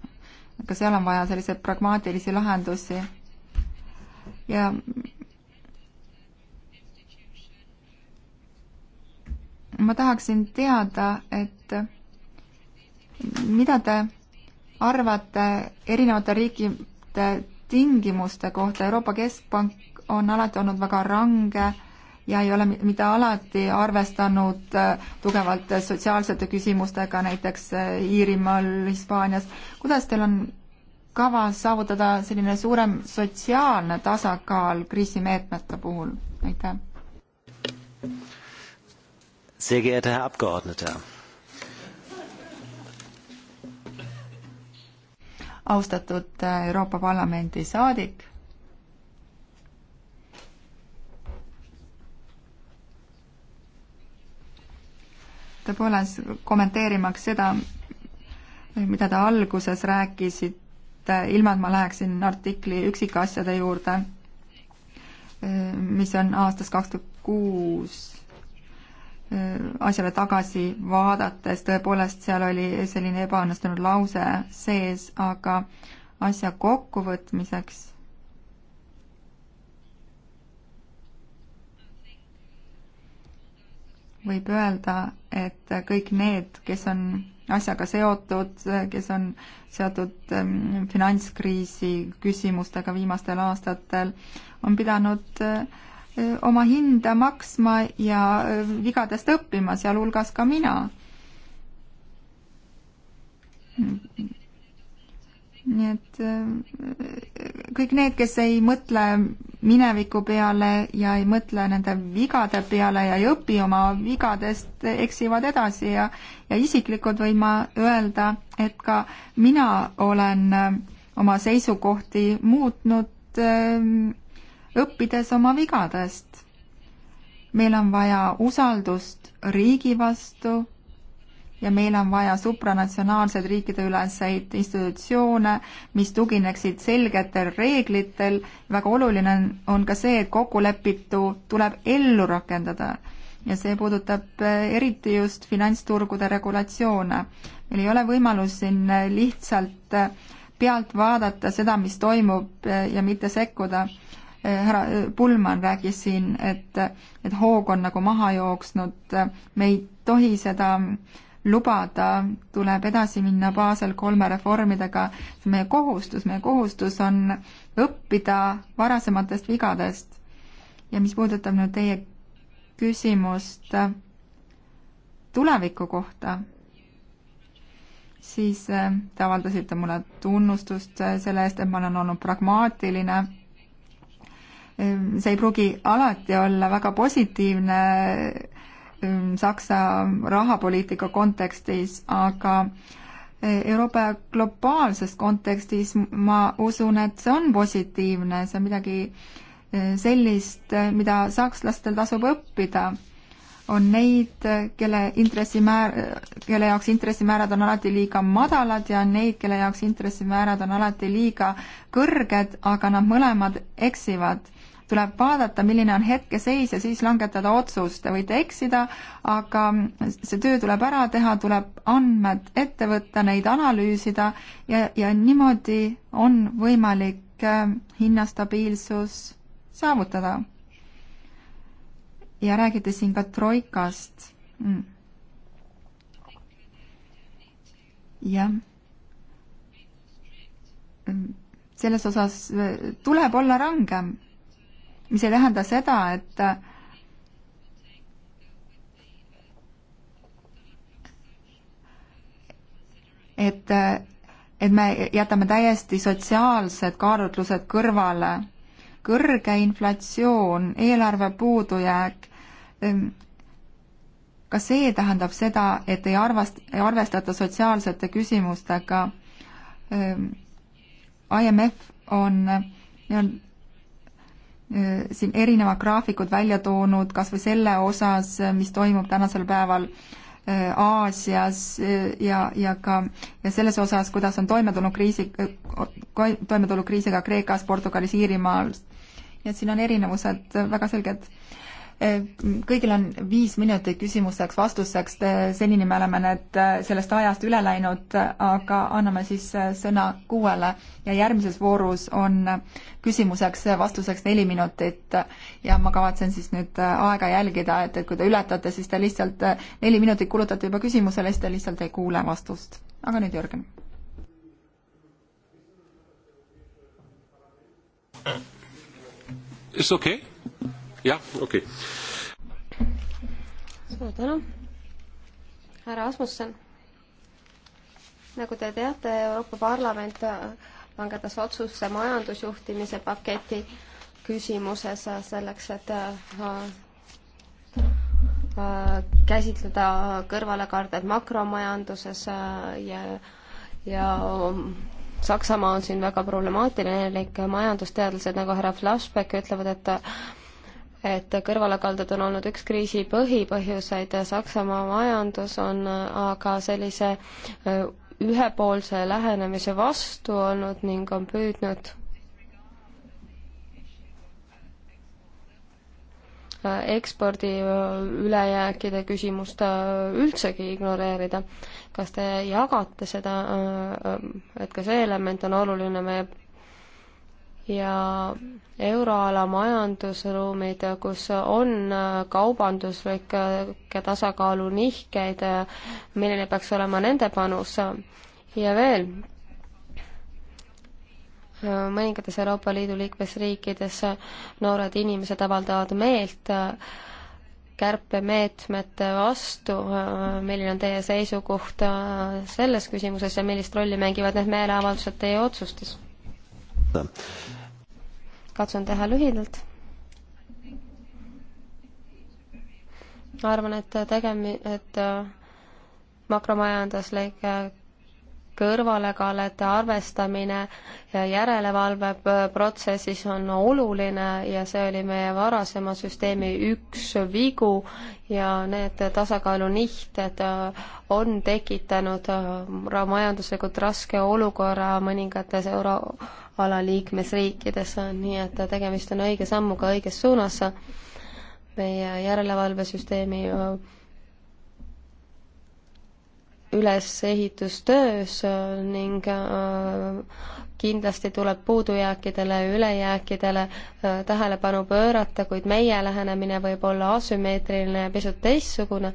ka seal on vaja selliseid pragmaatilisi lahendusi. ja ma tahaksin teada, et mida te arvate erinevate riikide tingimuste kohta, Euroopa Keskpank on alati olnud väga range ja ei ole mitte alati arvestanud äh, tugevalt sotsiaalsete küsimustega, näiteks äh, Iirimaal, Hispaanias. kuidas teil on kavas saavutada selline suurem sotsiaalne tasakaal kriisimeetmete puhul, aitäh? Sehr geehrter Herr Abgeordneter. austatud äh, Euroopa Parlamendi saadik tõepoolest kommenteerimaks seda, mida te alguses rääkisite, ilma et ma läheksin artikli üksikasjade juurde, mis on aastast kaks tuhat kuus, asjale tagasi vaadates tõepoolest seal oli selline ebaõnnestunud lause sees, aga asja kokkuvõtmiseks võib öelda, et kõik need, kes on asjaga seotud, kes on seotud ähm, finantskriisi küsimustega viimastel aastatel, on pidanud äh, oma hinda maksma ja äh, vigadest õppima, sealhulgas ka mina nii et äh, kõik need, kes ei mõtle mineviku peale ja ei mõtle nende vigade peale ja ei õpi oma vigadest, eksivad edasi ja ja isiklikult võin ma öelda, et ka mina olen äh, oma seisukohti muutnud, äh, õppides oma vigadest. meil on vaja usaldust riigi vastu ja meil on vaja supranatsionaalseid riikideüleseid institutsioone, mis tugineksid selgetel reeglitel. väga oluline on, on ka see, et kokkulepitu tuleb ellu rakendada ja see puudutab eh, eriti just finantsturgude regulatsioone. meil ei ole võimalus siin eh, lihtsalt eh, pealt vaadata seda, mis toimub ja mitte sekkuda härra Pullman rääkis siin, et, et hoog on nagu maha jooksnud, me ei tohi seda lubada, tuleb edasi minna Basel kolme reformidega. see on meie kohustus, meie kohustus on õppida varasematest vigadest. ja mis puudutab nüüd teie küsimust äh, tuleviku kohta, siis äh, te avaldasite mulle tunnustust äh, selle eest, et ma olen olnud pragmaatiline. see ei pruugi alati olla väga positiivne Mm, Saksa rahapoliitika kontekstis, aga eh, Euroopa globaalses kontekstis ma usun, et see on positiivne, see on midagi eh, sellist, eh, mida sakslastel tasub õppida. on neid, kelle intressimäär, kelle jaoks intressimäärad on alati liiga madalad ja on neid, kelle jaoks intressimäärad on alati liiga kõrged, aga nad mõlemad eksivad tuleb vaadata, milline on hetkeseis ja siis langetada otsus. Te võite eksida, aga see töö tuleb ära teha, tuleb andmed ette võtta, neid analüüsida ja, ja niimoodi on võimalik äh, hinnastabiilsus saavutada. ja räägite siin ka troikast mm.. jah mm, selles osas äh, tuleb olla rangem mis ei tähenda seda, et et, et me jätame täiesti sotsiaalsed kaalutlused kõrvale. kõrge inflatsioon, eelarve puudujääk, ehm, ka see tähendab seda, et ei arvast-, ei arvestata sotsiaalsete küsimustega. Ehm, IMF on, on Äh, siin erinevad graafikud välja toonud kas või selle osas, mis toimub tänasel päeval äh, Aasias äh, ja, ja ka ja selles osas, kuidas on toime tulnud kriisi, toime tulnud kriisiga Kreekas, Portugalis, Iirimaal. nii et siin on erinevused väga selged kõigil on viis minutit küsimusteks, vastusteks, senini me oleme need äh, sellest ajast üle läinud, aga anname siis äh, sõna kuuele ja järgmises voorus on äh, küsimuseks, vastuseks neli minutit ja ma kavatsen siis nüüd aega jälgida, et, et kui te ületate, siis te lihtsalt, neli minutit kulutate juba küsimusele, siis te lihtsalt ei kuule vastust. aga nüüd Jürgen. It's okay jah, okei okay.. suur tänu. härra Asmussen, nagu te teate, Euroopa Parlament langetas otsuse majandusjuhtimise paketi küsimuses selleks, et äh, äh, käsitleda kõrvalekarded makromajanduses äh, ja, ja um, Saksamaa on siin väga problemaatiline, ehk majandusteadlased nagu härra Flaschbeck ütlevad, et et kõrvalekalded on olnud üks kriisi põhipõhjuseid ja Saksamaa majandus on aga sellise ühepoolse lähenemise vastu olnud ning on püüdnud ekspordi ülejääkide küsimust üldsegi ignoreerida. kas te jagate seda, et ka see element on oluline meie ja euroala majandusruumid, kus on kaubanduslikke tasakaalu nihkeid, milline peaks olema nende panus ja veel, mõningates Euroopa Liidu liikmesriikides noored inimesed avaldavad meelt kärpemeetmete vastu, milline on teie seisukoht selles küsimuses ja millist rolli mängivad need meeleavaldused teie otsustes? katsun teha lühidalt. arvan, et tegemi-, et äh, makromajanduslik äh, kõrvalekallete arvestamine ja järelevalve protsessis on oluline ja see oli meie varasema süsteemi üks vigu ja need tasakaalunihted äh, on tekitanud äh, majanduslikult raske olukorra mõningates euroala liikmesriikides, nii et tegemist on õige sammuga õiges suunas meie järelevalvesüsteemi äh, ülesehitustöös äh, ning äh, kindlasti tuleb puudujääkidele ja ülejääkidele äh, tähelepanu pöörata, kuid meie lähenemine võib olla asümmeetriline ja pisut teistsugune,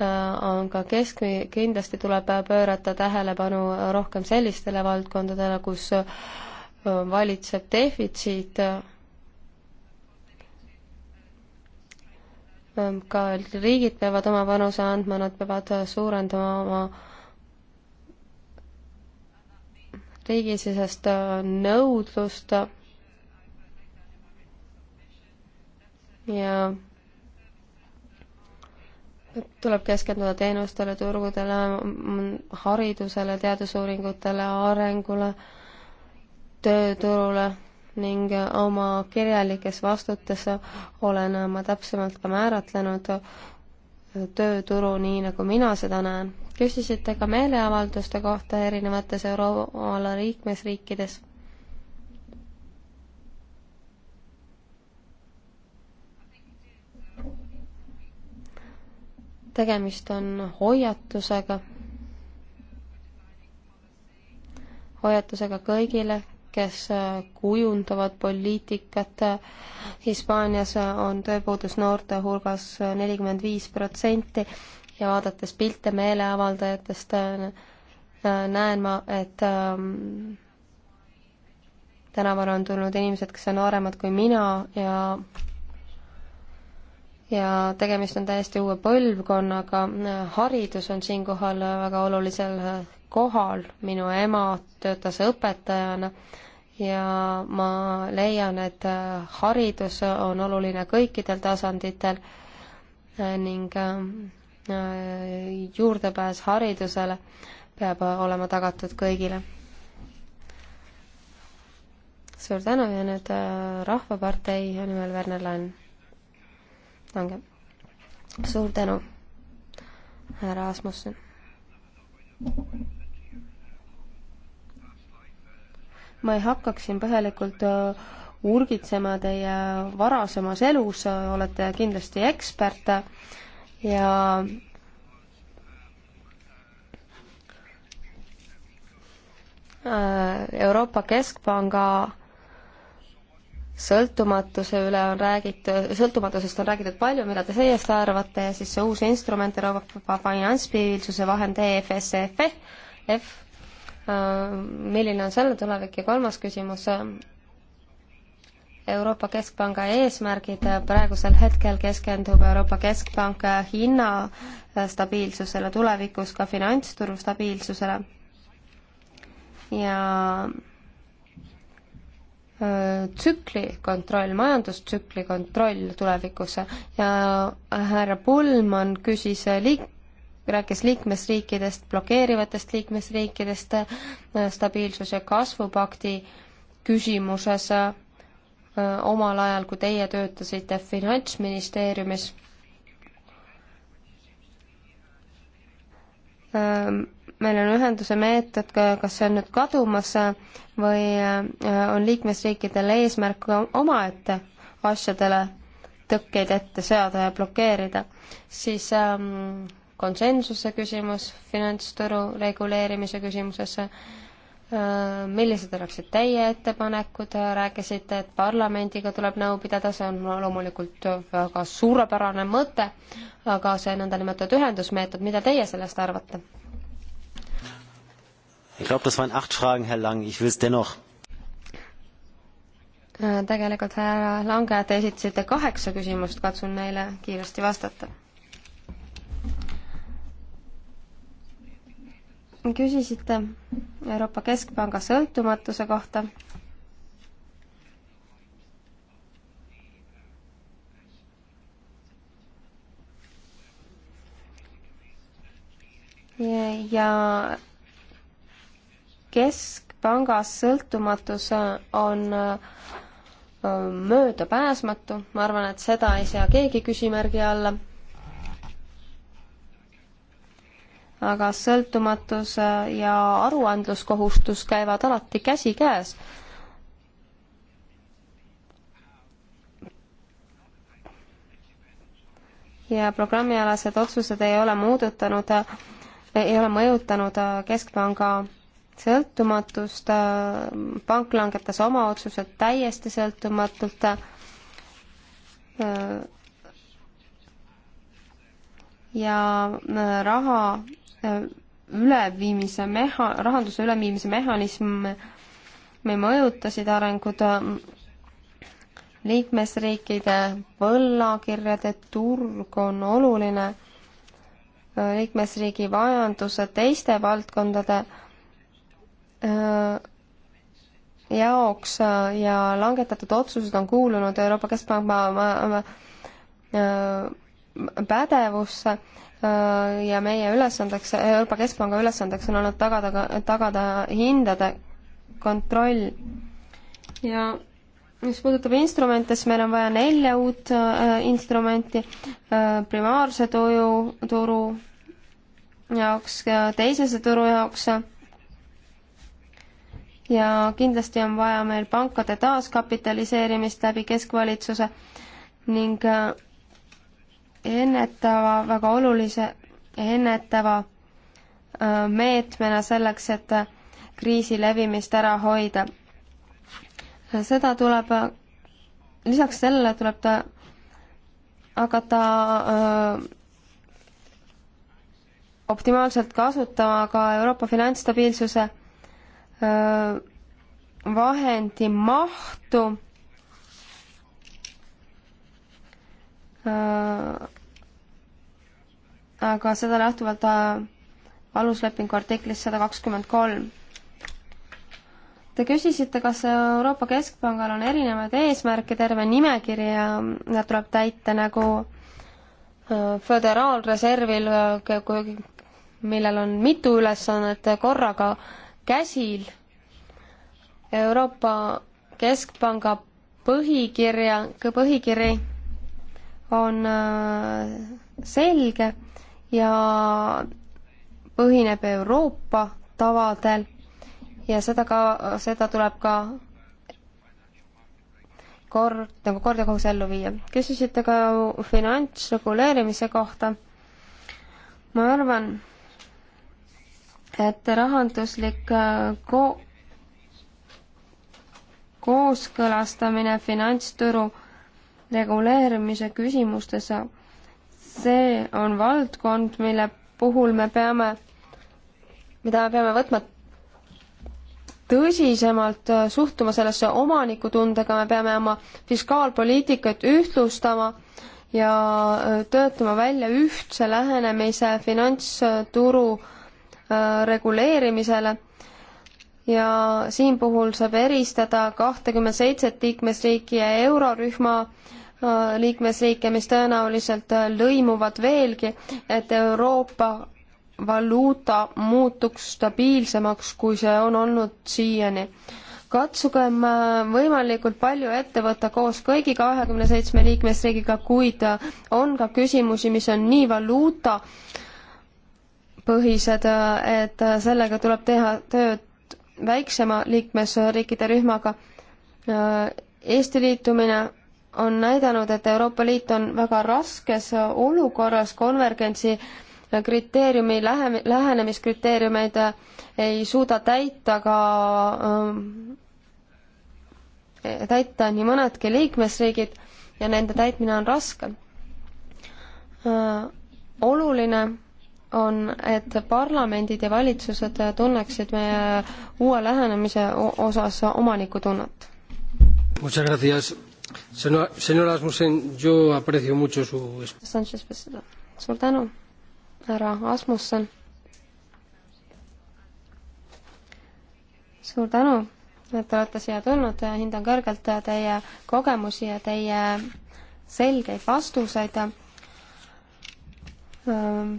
aga kesk-, kindlasti tuleb pöörata tähelepanu rohkem sellistele valdkondadele, kus valitseb defitsiit Ehm, ka riigid peavad oma panuse andma, nad peavad suurendama oma riigisisest äh, nõudlust ja tuleb keskenduda teenustele, turgudele, mm, haridusele, teadusuuringutele, arengule, tööturule ning oma kirjalikes vastutes olen ma täpsemalt ka määratlenud tööturu, nii nagu mina seda näen. küsisite ka meeleavalduste kohta erinevates euroala liikmesriikides. tegemist on hoiatusega, hoiatusega kõigile, kes äh, kujundavad poliitikat. Äh, Hispaanias äh, on tööpuudus noorte hulgas nelikümmend viis protsenti ja vaadates pilte meeleavaldajatest, näen ma, et ähm, tänavale on tulnud inimesed, kes on nooremad kui mina ja ja tegemist on täiesti uue põlvkonnaga, haridus on siinkohal väga olulisel kohal, minu ema töötas õpetajana ja ma leian, et äh, haridus on oluline kõikidel tasanditel äh, ning äh, juurdepääs haridusele peab olema tagatud kõigile. suur tänu ja nüüd Rahvapartei nimel Werner Lann. lange. suur tänu, härra Asmussen. ma ei hakkaks siin põhjalikult äh, urgitsema teie varasemas elus, äh, olete kindlasti ekspert äh, ja Euroopa Keskpanga sõltumatuse üle on räägitud, sõltumatusest on räägitud palju, mida te sellest arvate ja siis see uus instrument Euroopa finantsstabiilsuse vahend EFSF, F Äh, milline on selle tulevik ja kolmas küsimus, Euroopa Keskpanga eesmärgid, praegusel hetkel keskendub Euroopa Keskpank hinna stabiilsusele, tulevikus ka finantsturu stabiilsusele ja äh, tsükli kontroll, majandustsükli kontroll tulevikus ja äh, härra Pullmann küsis liik-, rääkis liikmesriikidest, blokeerivatest liikmesriikidest, äh, stabiilsuse kasvupakti küsimuses äh, omal ajal, kui teie töötasite Finantsministeeriumis. Ähm, meil on ühenduse meetod, kas see on nüüd kadumas äh, või on liikmesriikidel eesmärk omaette asjadele tõkkeid ette seada ja blokeerida, siis ähm, konsensuse küsimus finantsturu reguleerimise küsimuses. Äh, millised oleksid teie ettepanekud, rääkisite, et parlamendiga tuleb nõu pidada, see on loomulikult väga suurepärane mõte, aga see nõndanimetatud ühendusmeetod, mida teie sellest arvate? Ich glaube, das waren acht Fragen, Herr Lang. Ich will es dennoch äh, tegelikult härra Lange, te esitasite kaheksa küsimust, katsun neile kiiresti vastata küsisite Euroopa Keskpanga sõltumatuse kohta. ja keskpangas sõltumatus on äh, möödapääsmatu, ma arvan, et seda ei sea keegi küsimärgi alla aga sõltumatus ja aruandluskohustus käivad alati käsikäes. ja programmialased otsused ei ole muudetanud, ei ole mõjutanud Keskpanga sõltumatust, pank langetas oma otsused täiesti sõltumatult ja äh, raha üleviimise meha-, rahanduse üleviimise mehhanism me mõjutasid arengud liikmesriikide võllakirjade turg on oluline, liikmesriigi majanduse teiste valdkondade jaoks ja langetatud otsused on kuulunud Euroopa Keskpanga pädevusse Äh, ja meie ülesandeks, Euroopa Keskpanga ülesandeks on olnud tagada, tagada hindade kontroll. ja mis puudutab instrumente, siis meil on vaja nelja uut äh, instrumenti äh, primaarse tuju, turu jaoks ja teisese turu jaoks ja kindlasti on vaja meil pankade taaskapitaliseerimist läbi keskvalitsuse ning ennetava, väga olulise ennetava meetmena selleks, et kriisi levimist ära hoida. seda tuleb, lisaks sellele tuleb ta hakata optimaalselt kasutama ka Euroopa finantsstabiilsuse vahendi mahtu Äh, aga seda lähtuvalt äh, aluslepingu artiklist sada kakskümmend kolm. Te küsisite, kas Euroopa Keskpangal on erinevaid eesmärke, terve nimekiri ja nad tuleb täita nagu äh, föderaalreservil, millel on mitu ülesannet korraga käsil. Euroopa Keskpanga põhikirja, põhikiri on äh, selge ja põhineb Euroopa tavadel ja seda ka, seda tuleb ka kord, nagu kord ja kohus ellu viia. küsisite ka finantsreguleerimise kohta. ma arvan, et rahanduslik äh, ko-, kooskõlastamine finantsturu reguleerimise küsimustes, see on valdkond, mille puhul me peame, mida me peame võtma tõsisemalt äh, suhtuma sellesse omanikutundega, me peame oma fiskaalpoliitikat ühtlustama ja äh, töötama välja ühtse lähenemise finantsturu äh, reguleerimisele ja siin puhul saab eristada kahtekümmet seitset liikmesriiki ja eurorühma äh, liikmesriike, mis tõenäoliselt äh, lõimuvad veelgi, et Euroopa valuuta muutuks stabiilsemaks, kui see on olnud siiani katsugem äh, võimalikult palju ette võtta koos kõigi kahekümne seitsme liikmesriigiga, kuid on ka küsimusi, mis on nii valuuta põhised, et sellega tuleb teha tööd väiksema liikmesriikide rühmaga. Äh, Eesti liitumine on näidanud, et Euroopa Liit on väga raskes olukorras konvergentsi kriteeriumi, lähe-, lähenemiskriteeriumeid ei suuda täita ka ähm, täita nii mõnedki liikmesriigid ja nende täitmine on raske. Äh, oluline on, et parlamendid ja valitsused tunneksid meie uue lähenemise osas omanikutunnet. Muchas gracias. Senor, senor Asmussen, yo aprecio mucho su... Sanchez Peseda. Suur tänu, härra Asmussen. suur tänu, et olete siia tulnud, hindan kõrgelt teie kogemusi ja teie selgeid vastuseid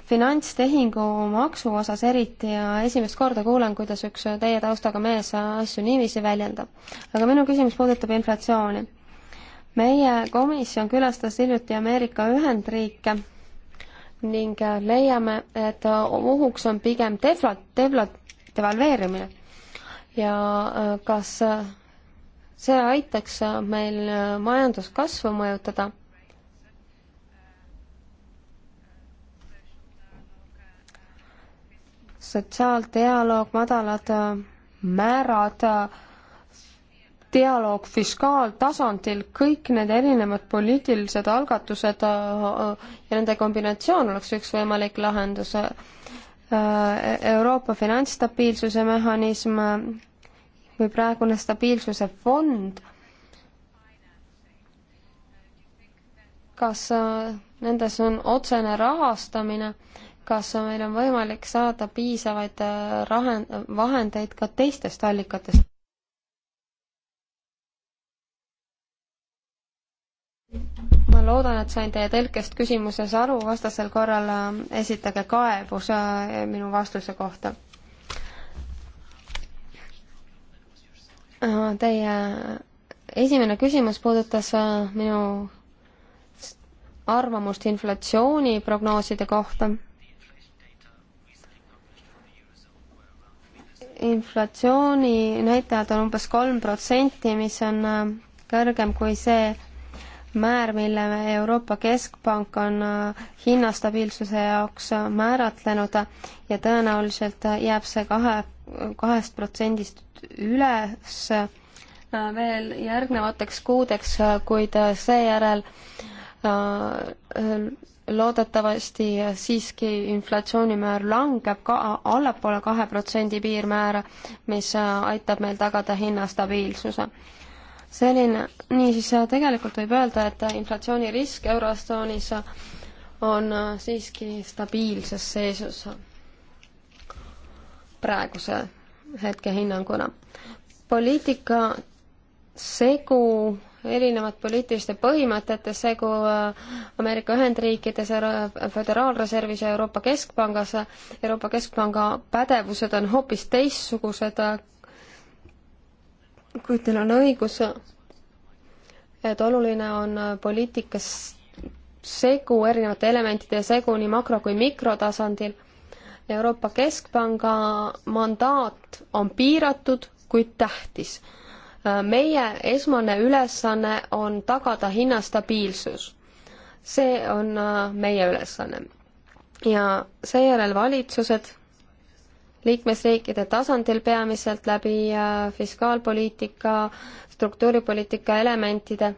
finantstehingu maksu osas eriti ja esimest korda kuulen, kuidas üks teie taustaga mees asju niiviisi väljendab. aga minu küsimus puudutab inflatsiooni. meie komisjon külastas hiljuti Ameerika Ühendriike ning leiame, et ohuks on pigem defla-, defla-, devalveerimine. ja kas see aitaks meil majanduskasvu mõjutada? sotsiaaldialoog, madalad äh, määrad, äh, dialoog fiskaaltasandil, kõik need erinevad poliitilised algatused äh, ja nende kombinatsioon oleks üks võimalik lahendus. Euroopa finantsstabiilsuse mehhanism või praegune stabiilsuse fond, kas nendes on otsene rahastamine äh, kas meil on võimalik saada piisavaid äh, rahen-, vahendeid ka teistest allikatest? ma loodan, et sain teie tõlkest küsimuses aru, vastasel korral äh, esitage kaebus äh, minu vastuse kohta. Teie esimene küsimus puudutas minu arvamust inflatsiooniprognooside kohta inflatsiooni näitajad on umbes kolm protsenti, mis on äh, kõrgem kui see määr, mille Euroopa Keskpank on äh, hinnastabiilsuse jaoks äh, määratlenud ja tõenäoliselt jääb see kahe, kahest protsendist üles veel järgnevateks kuudeks, kuid seejärel loodetavasti siiski inflatsioonimäär langeb ka allapoole kahe protsendi piirmäära, mis aitab meil tagada hinnastabiilsuse. selline, niisiis tegelikult võib öelda, et inflatsioonirisk Eurotsoonis on siiski stabiilses seisus praeguse hetke hinnanguna. poliitika segu erinevad poliitiliste põhimõtetes, see kui äh, Ameerika Ühendriikides äh, Föderaalreservis ja Euroopa Keskpangas, Euroopa Keskpanga pädevused on hoopis teistsugused, äh, kuid teil on õigus, et oluline on poliitikas segu, erinevate elementide segu nii makro- kui mikrotasandil. Euroopa Keskpanga mandaat on piiratud, kuid tähtis meie esmane ülesanne on tagada hinnastabiilsus. see on äh, meie ülesanne. ja seejärel valitsused liikmesriikide tasandil peamiselt läbi äh, fiskaalpoliitika, struktuuripoliitika elementide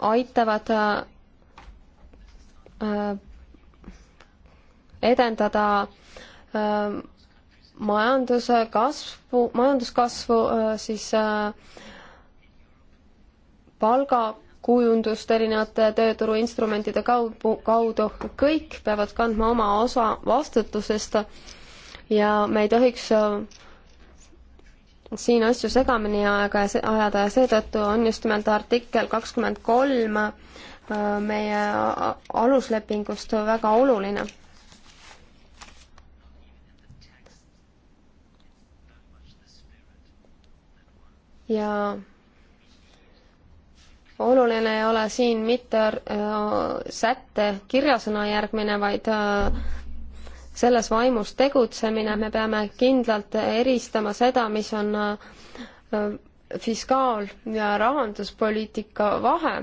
aitavad äh, edendada majanduse kasvu, majanduskasvu, äh, siis äh, palgakujundust erinevate tööturuinstrumentide kaudu, kaudu, kõik peavad kandma oma osa vastutusest ja me ei tohiks äh, siin asju segamini aega ajada ja seetõttu on just nimelt artikkel kakskümmend kolm meie aluslepingust väga oluline. ja oluline ei ole siin mitte äh, sätte kirjasõna järgmine, vaid äh, selles vaimus tegutsemine, me peame kindlalt eristama seda, mis on äh, fiskaal- ja rahanduspoliitika vahe.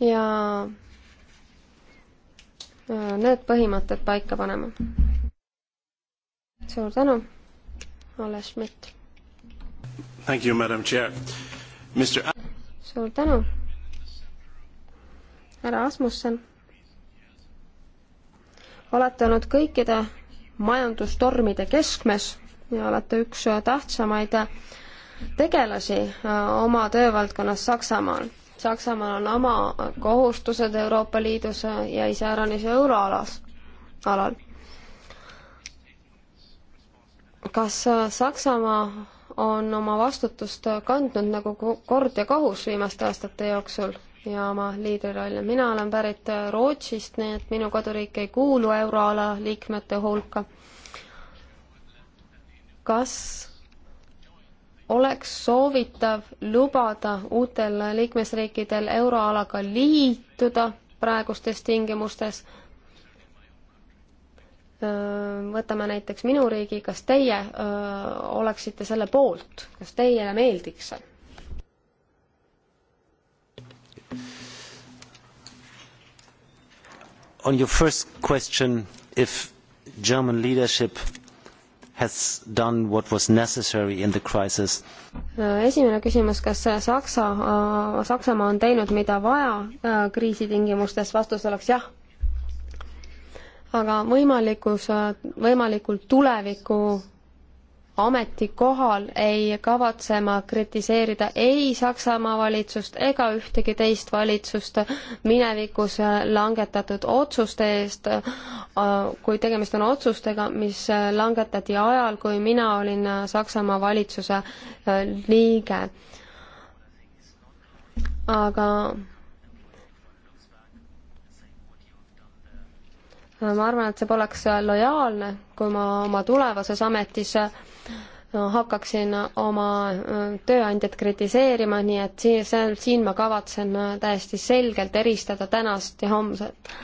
ja need põhimõtted paika panema. suur tänu! Olle Schmidt. Thank you, madam chair. Mr. suur tänu. härra Asmussen. olete olnud kõikide majandustormide keskmes ja olete üks tähtsamaid tegelasi äh, oma töövaldkonnas Saksamaal. Saksamaal on oma kohustused Euroopa Liidus ja iseäranis euroalas, alal kas äh, Saksamaa on oma vastutust äh, kandnud nagu kord ja kohus viimaste aastate jooksul ja oma liidrirolle. mina olen pärit äh, Rootsist, nii et minu koduriik ei kuulu euroala liikmete hulka. kas oleks soovitav lubada uutel liikmesriikidel euroalaga liituda praegustes tingimustes võtame näiteks minu riigi, kas teie öö, oleksite selle poolt, kas teile meeldiks see? On your first question, if German leadership has done what was necessary in the crisis. esimene küsimus, kas Saksa, Saksamaa on teinud, mida vaja kriisi tingimustes, vastus oleks jah aga võimalikus, võimalikul tuleviku ametikohal ei kavatse ma kritiseerida ei Saksamaa valitsust ega ühtegi teist valitsust minevikus langetatud otsuste eest, kui tegemist on otsustega, mis langetati ajal, kui mina olin Saksamaa valitsuse liige. aga ma arvan, et see poleks lojaalne, kui ma oma tulevases ametis äh, hakkaksin oma äh, tööandjat kritiseerima, nii et siin, siin ma kavatsen äh, täiesti selgelt eristada tänast ja homset.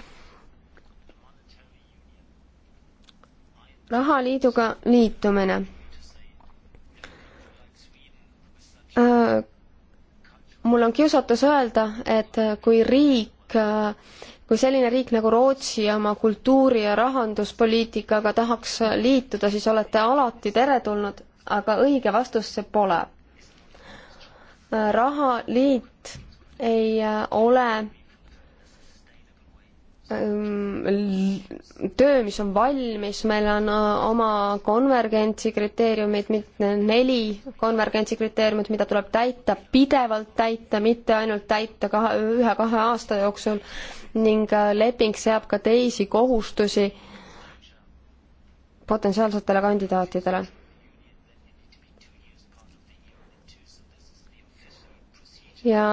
rahaliiduga liitumine. mul on kiusatus öelda, et kui riik riik, kui selline riik nagu Rootsi oma kultuuri- ja rahanduspoliitikaga tahaks liituda, siis olete alati teretulnud, aga õige vastus see pole. rahaliit ei ole töö, mis on valmis, meil on äh, oma konvergentsi kriteeriumid, mitte neli konvergentsi kriteeriumit, mida tuleb täita, pidevalt täita, mitte ainult täita kahe, ühe-kahe aasta jooksul ning äh, leping seab ka teisi kohustusi potentsiaalsetele kandidaatidele. ja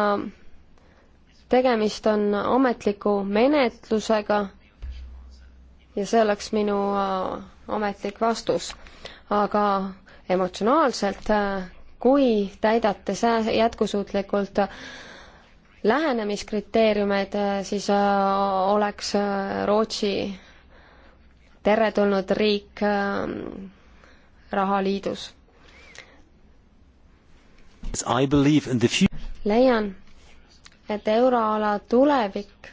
tegemist on ametliku menetlusega ja see oleks minu äh, ametlik vastus. aga emotsionaalselt, äh, kui täidate jätkusuutlikult äh, lähenemiskriteeriumeid, siis oleks Rootsi teretulnud riik rahaliidus. leian et euroala tulevik,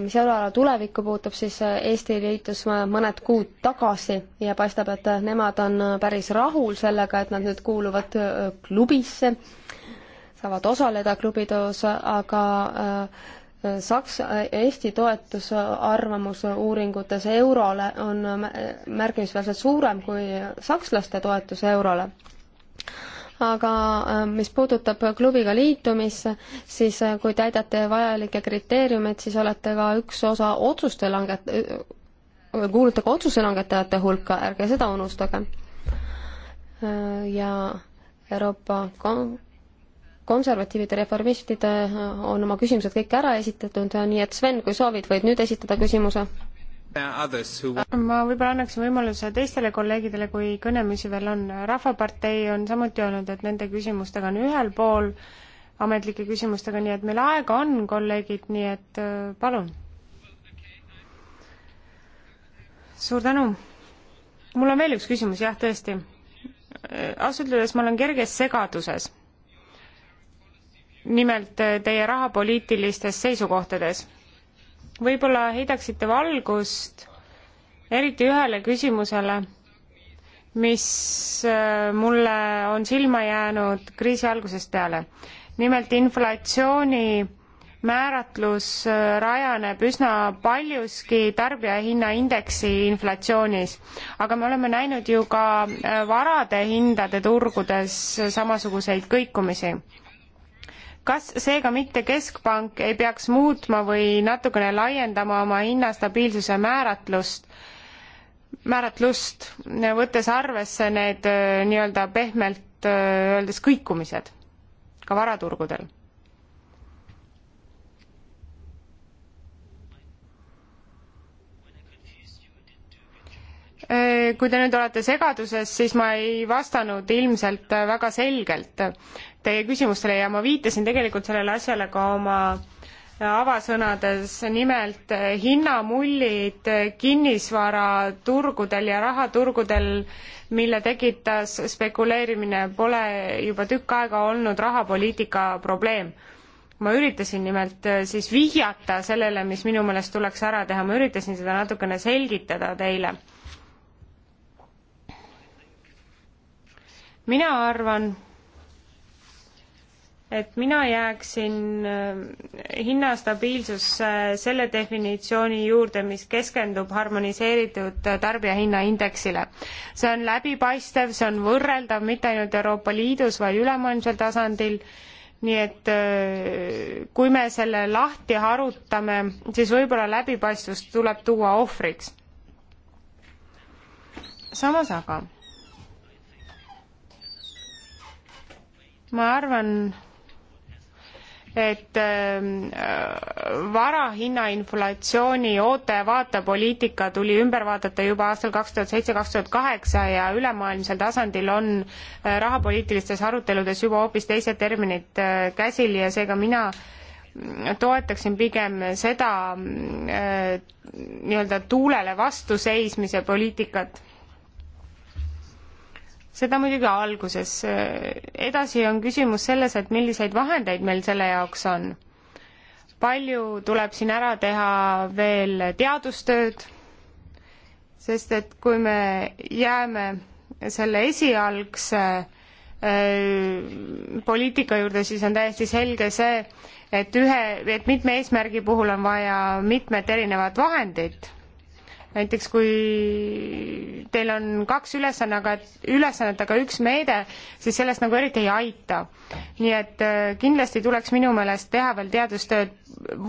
mis euroala tulevikku puutub, siis Eesti liitus mõned kuud tagasi ja paistab, et nemad on päris rahul sellega, et nad nüüd kuuluvad klubisse, saavad osaleda klubitöös, aga äh, Saksa, Eesti toetusarvamus uuringutes eurole on märkimisväärselt suurem kui sakslaste toetus eurole aga äh, mis puudutab klubiga liitumist, siis äh, kui täidate vajalikke kriteeriumeid, siis olete ka üks osa otsuste langet-, äh, kuulute ka otsuse langetajate hulka, ärge seda unustage. ja Euroopa kom-, konservatiivid ja reformistid on oma küsimused kõik ära esitatud, nii et Sven, kui soovid, võid nüüd esitada küsimuse ma võib-olla annaksin võimaluse teistele kolleegidele, kui kõnemisi veel on. rahvapartei on samuti öelnud, et nende küsimustega on ühel pool, ametlike küsimustega, nii et meil aega on, kolleegid, nii et äh, palun. suur tänu. mul on veel üks küsimus, jah, tõesti. Äh, ausalt öeldes ma olen kerges segaduses. nimelt äh, teie rahapoliitilistes seisukohtades võib-olla heidaksite valgust eriti ühele küsimusele, mis äh, mulle on silma jäänud kriisi algusest peale. nimelt inflatsiooni määratlus äh, rajaneb üsna paljuski tarbijahinnaindeksi inflatsioonis, aga me oleme näinud ju ka äh, varade hindade turgudes samasuguseid kõikumisi kas seega mitte Keskpank ei peaks muutma või natukene laiendama oma hinnastabiilsuse määratlust, määratlust, võttes arvesse need äh, nii-öelda pehmelt äh, öeldes kõikumised ka varaturgudel? Äh, kui te nüüd olete segaduses, siis ma ei vastanud ilmselt väga selgelt teie küsimustele ja ma viitasin tegelikult sellele asjale ka oma avasõnades, nimelt eh, hinnamullid kinnisvaraturgudel ja rahaturgudel, mille tekitas spekuleerimine, pole juba tükk aega olnud rahapoliitika probleem ma üritasin nimelt eh, siis vihjata sellele, mis minu meelest tuleks ära teha, ma üritasin seda natukene selgitada teile. mina arvan, et mina jääksin äh, hinnastabiilsusse selle definitsiooni juurde, mis keskendub harmoniseeritud äh, tarbijahinnaindeksile. see on läbipaistev, see on võrreldav mitte ainult Euroopa Liidus, vaid ülemaailmsel tasandil nii et äh, kui me selle lahti harutame, siis võib-olla läbipaistvust tuleb tuua ohvriks. samas aga ma arvan, et ähm, varahinna inflatsiooni oota ja vaata poliitika tuli ümber vaadata juba aastal kaks tuhat seitse, kaks tuhat kaheksa ja ülemaailmsel tasandil on äh, rahapoliitilistes aruteludes juba hoopis teised terminid äh, käsil ja seega mina mm, toetaksin pigem seda mm, äh, nii-öelda tuulele vastuseismise poliitikat seda muidugi alguses. edasi on küsimus selles, et milliseid vahendeid meil selle jaoks on. palju tuleb siin ära teha veel teadustööd, sest et kui me jääme selle esialgse äh, poliitika juurde, siis on täiesti selge see, et ühe, et mitme eesmärgi puhul on vaja mitmet erinevat vahendit näiteks kui teil on kaks ülesannega, ülesannet, aga üks meede, siis sellest nagu eriti ei aita. nii et äh, kindlasti tuleks minu meelest teha veel teadustööd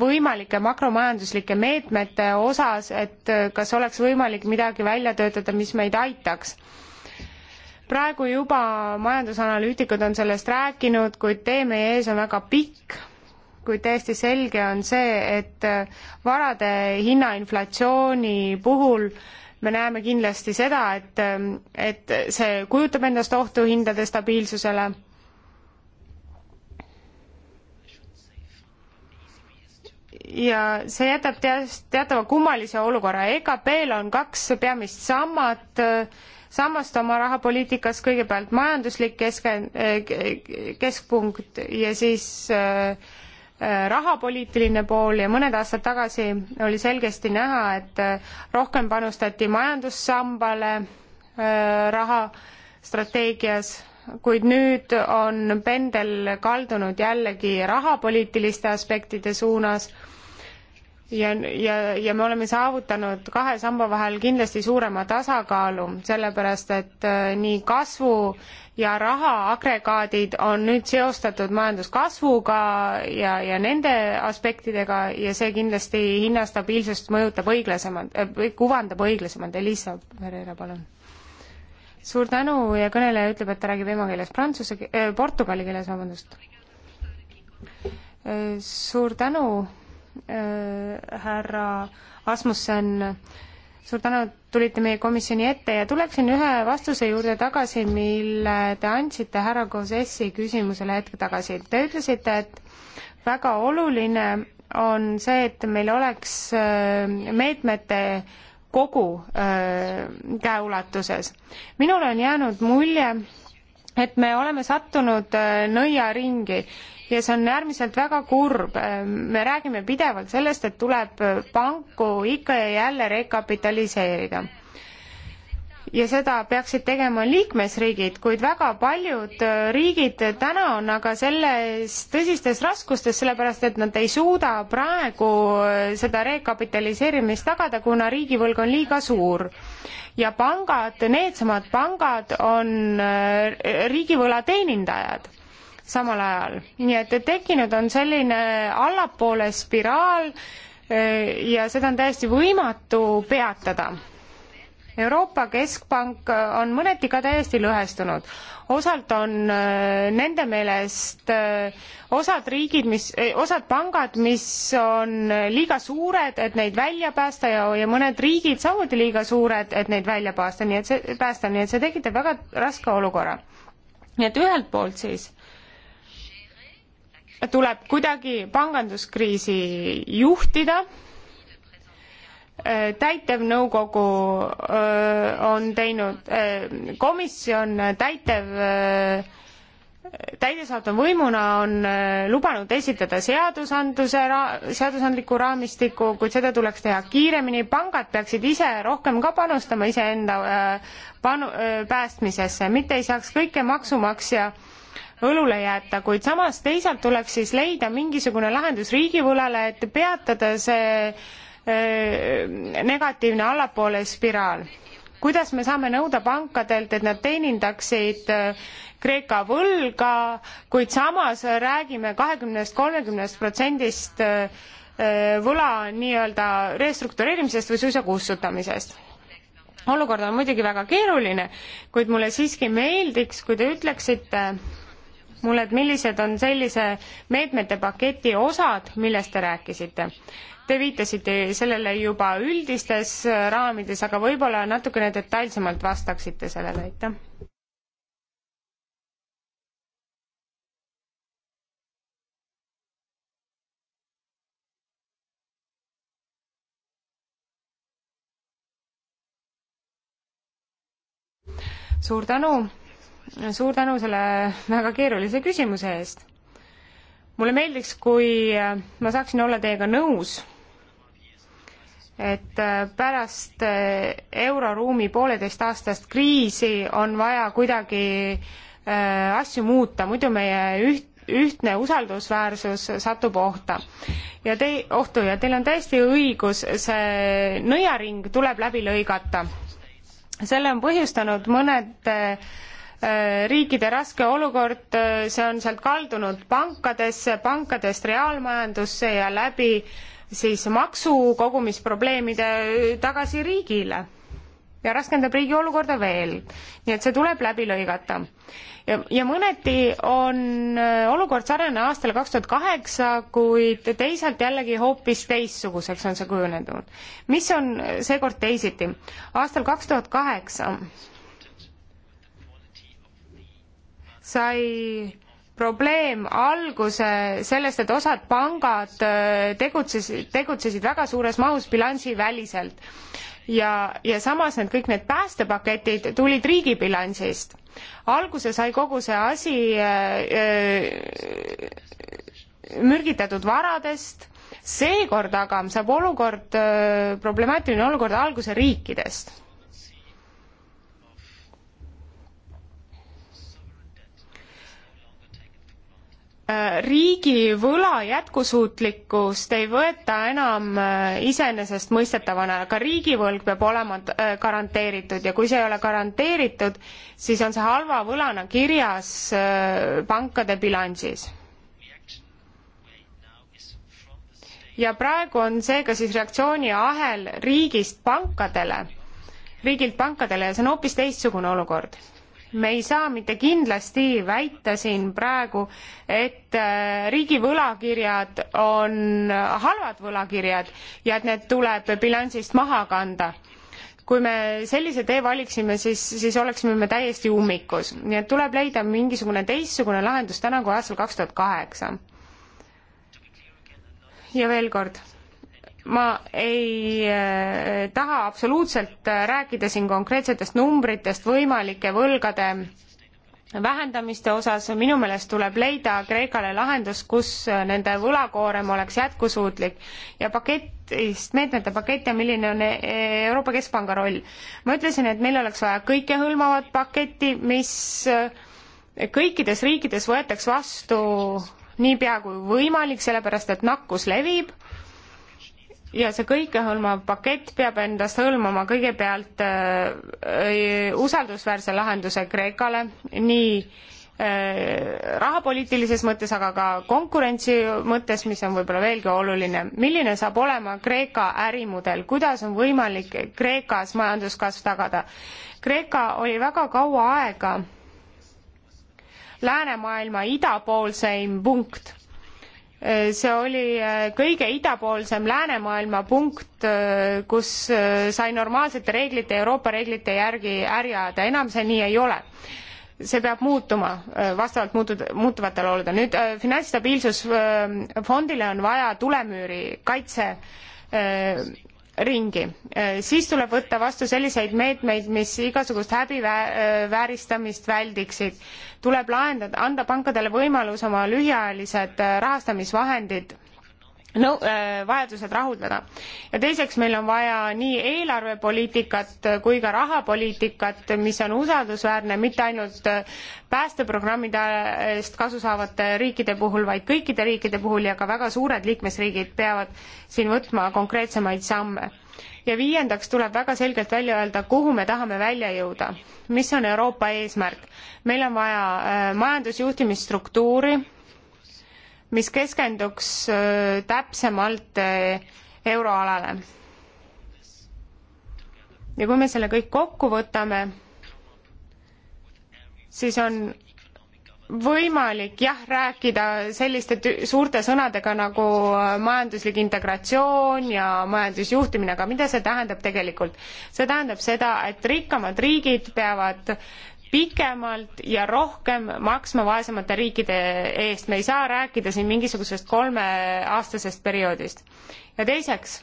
võimalike makromajanduslike meetmete osas, et äh, kas oleks võimalik midagi välja töötada, mis meid aitaks praegu juba majandusanalüütikud on sellest rääkinud, kuid tee meie ees on väga pikk kuid täiesti selge on see, et äh, varade hinnainflatsiooni puhul me näeme kindlasti seda, et, ähm, et see kujutab endast ohtu hindade stabiilsusele. ja see jätab teast, teatava kummalise olukorra. EKP-l on kaks peamist sammat, äh, sammast oma rahapoliitikas, kõigepealt majanduslik keske, äh, keskpunkt ja siis äh, Äh, rahapoliitiline pool ja mõned aastad tagasi oli selgesti näha, et äh, rohkem panustati majandussambale äh, raha strateegias, kuid nüüd on pendel kaldunud jällegi rahapoliitiliste aspektide suunas ja, ja, ja me oleme saavutanud kahe samba vahel kindlasti suurema tasakaalu, sellepärast et äh, nii kasvu ja raha agregaadid on nüüd seostatud majanduskasvuga ja, ja nende aspektidega ja see kindlasti hinnastabiilsust mõjutab õiglasemalt äh,, kuvandab õiglasemalt. Elisa Pereira, palun suur tänu ja kõneleja ütleb, et ta räägib emakeeles prantsuse äh,, portugali keeles, vabandust. Äh, suur tänu Äh, härra Asmussen, suur tänu, et tulite meie komisjoni ette ja tuleksin ühe vastuse juurde tagasi, mille te andsite härra Kozessi küsimusele hetk tagasi. Te ütlesite, et väga oluline on see, et meil oleks äh, meetmete kogu äh, käeulatuses. minule on jäänud mulje, et me oleme sattunud nõiaringi ja see on äärmiselt väga kurb. me räägime pidevalt sellest, et tuleb panku ikka ja jälle rekapitaliseerida. ja seda peaksid tegema liikmesriigid, kuid väga paljud riigid täna on aga selles tõsistes raskustes, sellepärast et nad ei suuda praegu seda rekapitaliseerimist tagada, kuna riigivõlg on liiga suur ja pangad, needsamad pangad on riigivõla teenindajad samal ajal. nii et tekkinud on selline allapoole spiraal eh, ja seda on täiesti võimatu peatada. Euroopa Keskpank on mõneti ka täiesti lõhestunud. osalt on eh, nende meelest eh, osad riigid, mis, osad pangad, mis on liiga suured, et neid välja päästa ja, ja mõned riigid samuti liiga suured, et neid välja päästa, nii et see, päästa, nii et see tekitab väga raske olukorra. nii et ühelt poolt siis tuleb kuidagi panganduskriisi juhtida äh, täitevnõukogu äh, on teinud, äh, komisjon täitev, täidesaatva võimuna on lubanud esitada seadusandluse, seadusandliku raamistiku, kuid seda tuleks teha kiiremini, pangad peaksid ise rohkem ka panustama iseenda panu-, päästmisesse, mitte ei saaks kõike maksumaksja äh, õlule jäeta, kuid samas teisalt tuleks siis leida mingisugune lahendus riigivõlale, et peatada see negatiivne allapoole spiraal. kuidas me saame nõuda pankadelt, et nad teenindaksid Kreeka võlga, kuid samas räägime kahekümnest, kolmekümnest protsendist võla nii-öelda restruktureerimisest või suisa kustutamisest? olukord on muidugi väga keeruline, kuid mulle siiski meeldiks, kui te ütleksite, mulle, et millised on sellise meetmete paketi osad, millest te rääkisite. Te viitasite sellele juba üldistes äh, raamides, aga võib-olla natukene detailsemalt vastaksite sellele, aitäh. suur tänu suur tänu selle väga keerulise küsimuse eest. mulle meeldiks, kui ma saaksin olla teiega nõus, et pärast euroruumi pooleteistaastast kriisi on vaja kuidagi äh, asju muuta, muidu meie üht, ühtne usaldusväärsus satub ohta. ja te, ohtu ja teil on täiesti õigus, see nõiaring tuleb läbi lõigata. selle on põhjustanud mõned äh, Äh, riikide raske olukord, äh, see on sealt kaldunud pankadesse, pankadest reaalmajandusse ja läbi siis maksukogumisprobleemide äh, tagasi riigile ja raskendab riigi olukorda veel. nii et see tuleb läbi lõigata. ja, ja mõneti on olukord sarnane aastal kaks tuhat kaheksa, kuid teisalt jällegi hoopis teistsuguseks on see kujunenud. mis on seekord teisiti? aastal kaks tuhat kaheksa sai probleem alguse sellest, et osad pangad äh, tegutsesid, tegutsesid väga suures mahus bilansiväliselt. ja, ja samas need kõik need päästepaketid tulid riigibilansist. alguse sai kogu see asi äh, äh mürgitatud varadest, seekord aga saab olukord äh,, problemaatiline olukord alguse riikidest Äh, riigi võla jätkusuutlikkust ei võeta enam äh, iseenesestmõistetavana, ka riigivõlg peab olema äh, garanteeritud ja kui see ei ole garanteeritud, siis on see halva võlana kirjas pankade bilansis. ja praegu on seega siis reaktsiooniahel riigist pankadele, riigilt pankadele ja see on hoopis teistsugune olukord me ei saa mitte kindlasti väita siin praegu, et äh, riigi võlakirjad on halvad võlakirjad ja et need tuleb bilansist maha kanda kui me sellise tee valiksime, siis, siis oleksime me täiesti ummikus. nii et tuleb leida mingisugune teistsugune lahendus täna kui aastal kaks tuhat kaheksa. ja veel kord, ma ei äh, taha absoluutselt eh, rääkida siin konkreetsetest numbritest võimalike võlgade vähendamiste osas, minu meelest tuleb leida Kreekale lahendus, kus eh, nende võlakoorem oleks jätkusuutlik ja paketist, meetmete pakett ja milline on Euroopa Keskpanga roll. ma ütlesin, et meil oleks vaja kõikehõlmavat paketti, mis kõikides riikides võetaks vastu niipea kui võimalik, sellepärast et nakkus levib ja see kõikehõlmav pakett peab endast hõlmama kõigepealt äh, äh, usaldusväärse lahenduse Kreekale, nii äh, rahapoliitilises mõttes, aga ka konkurentsi mõttes, mis on võib-olla veelgi oluline. milline saab olema Kreeka ärimudel, kuidas on võimalik Kreekas majanduskasv tagada? Kreeka oli väga kaua aega läänemaailma idapoolseim punkt see oli äh, kõige idapoolsem läänemaailma punkt, äh, kus äh, sai normaalsete reeglite, Euroopa reeglite järgi äri ajada, enam see nii ei ole. see peab muutuma vastavalt muutu-, muutuvatele oludele. nüüd finantsstabiilsusfondile on vaja tulemüüri kaitse ringi, äh, siis tuleb võtta vastu selliseid meetmeid, mis igasugust häbivääristamist äh, väldiksid. tuleb lahendada, anda pankadele võimalus oma lühiajalised äh, rahastamisvahendid no, äh, vajadused rahuldada. ja teiseks, meil on vaja nii eelarvepoliitikat kui ka rahapoliitikat, mis on usaldusväärne mitte ainult äh, päästeprogrammidest äh, kasu saavate riikide puhul, vaid kõikide riikide puhul ja ka väga suured liikmesriigid peavad siin võtma konkreetsemaid samme. ja viiendaks tuleb väga selgelt välja öelda, kuhu me tahame välja jõuda, mis on Euroopa eesmärk. meil on vaja majandusjuhtimisstruktuuri, mis keskenduks täpsemalt euroalale. ja kui me selle kõik kokku võtame, siis on võimalik jah, rääkida selliste suurte sõnadega nagu majanduslik integratsioon ja majandusjuhtimine, aga mida see tähendab tegelikult? see tähendab seda, et rikkamad riigid peavad pikemalt ja rohkem maksma vaesemate riikide eest, me ei saa rääkida siin mingisugusest kolmeaastasest perioodist. ja teiseks,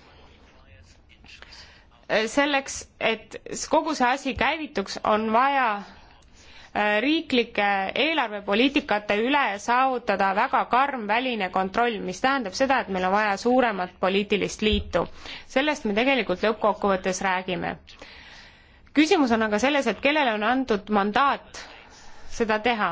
selleks, et kogu see asi käivituks, on vaja äh, riiklike eelarvepoliitikate üle saavutada väga karm väline kontroll, mis tähendab seda, et meil on vaja suuremat poliitilist liitu. sellest me tegelikult lõppkokkuvõttes räägime küsimus on aga selles, et kellele on antud mandaat seda teha.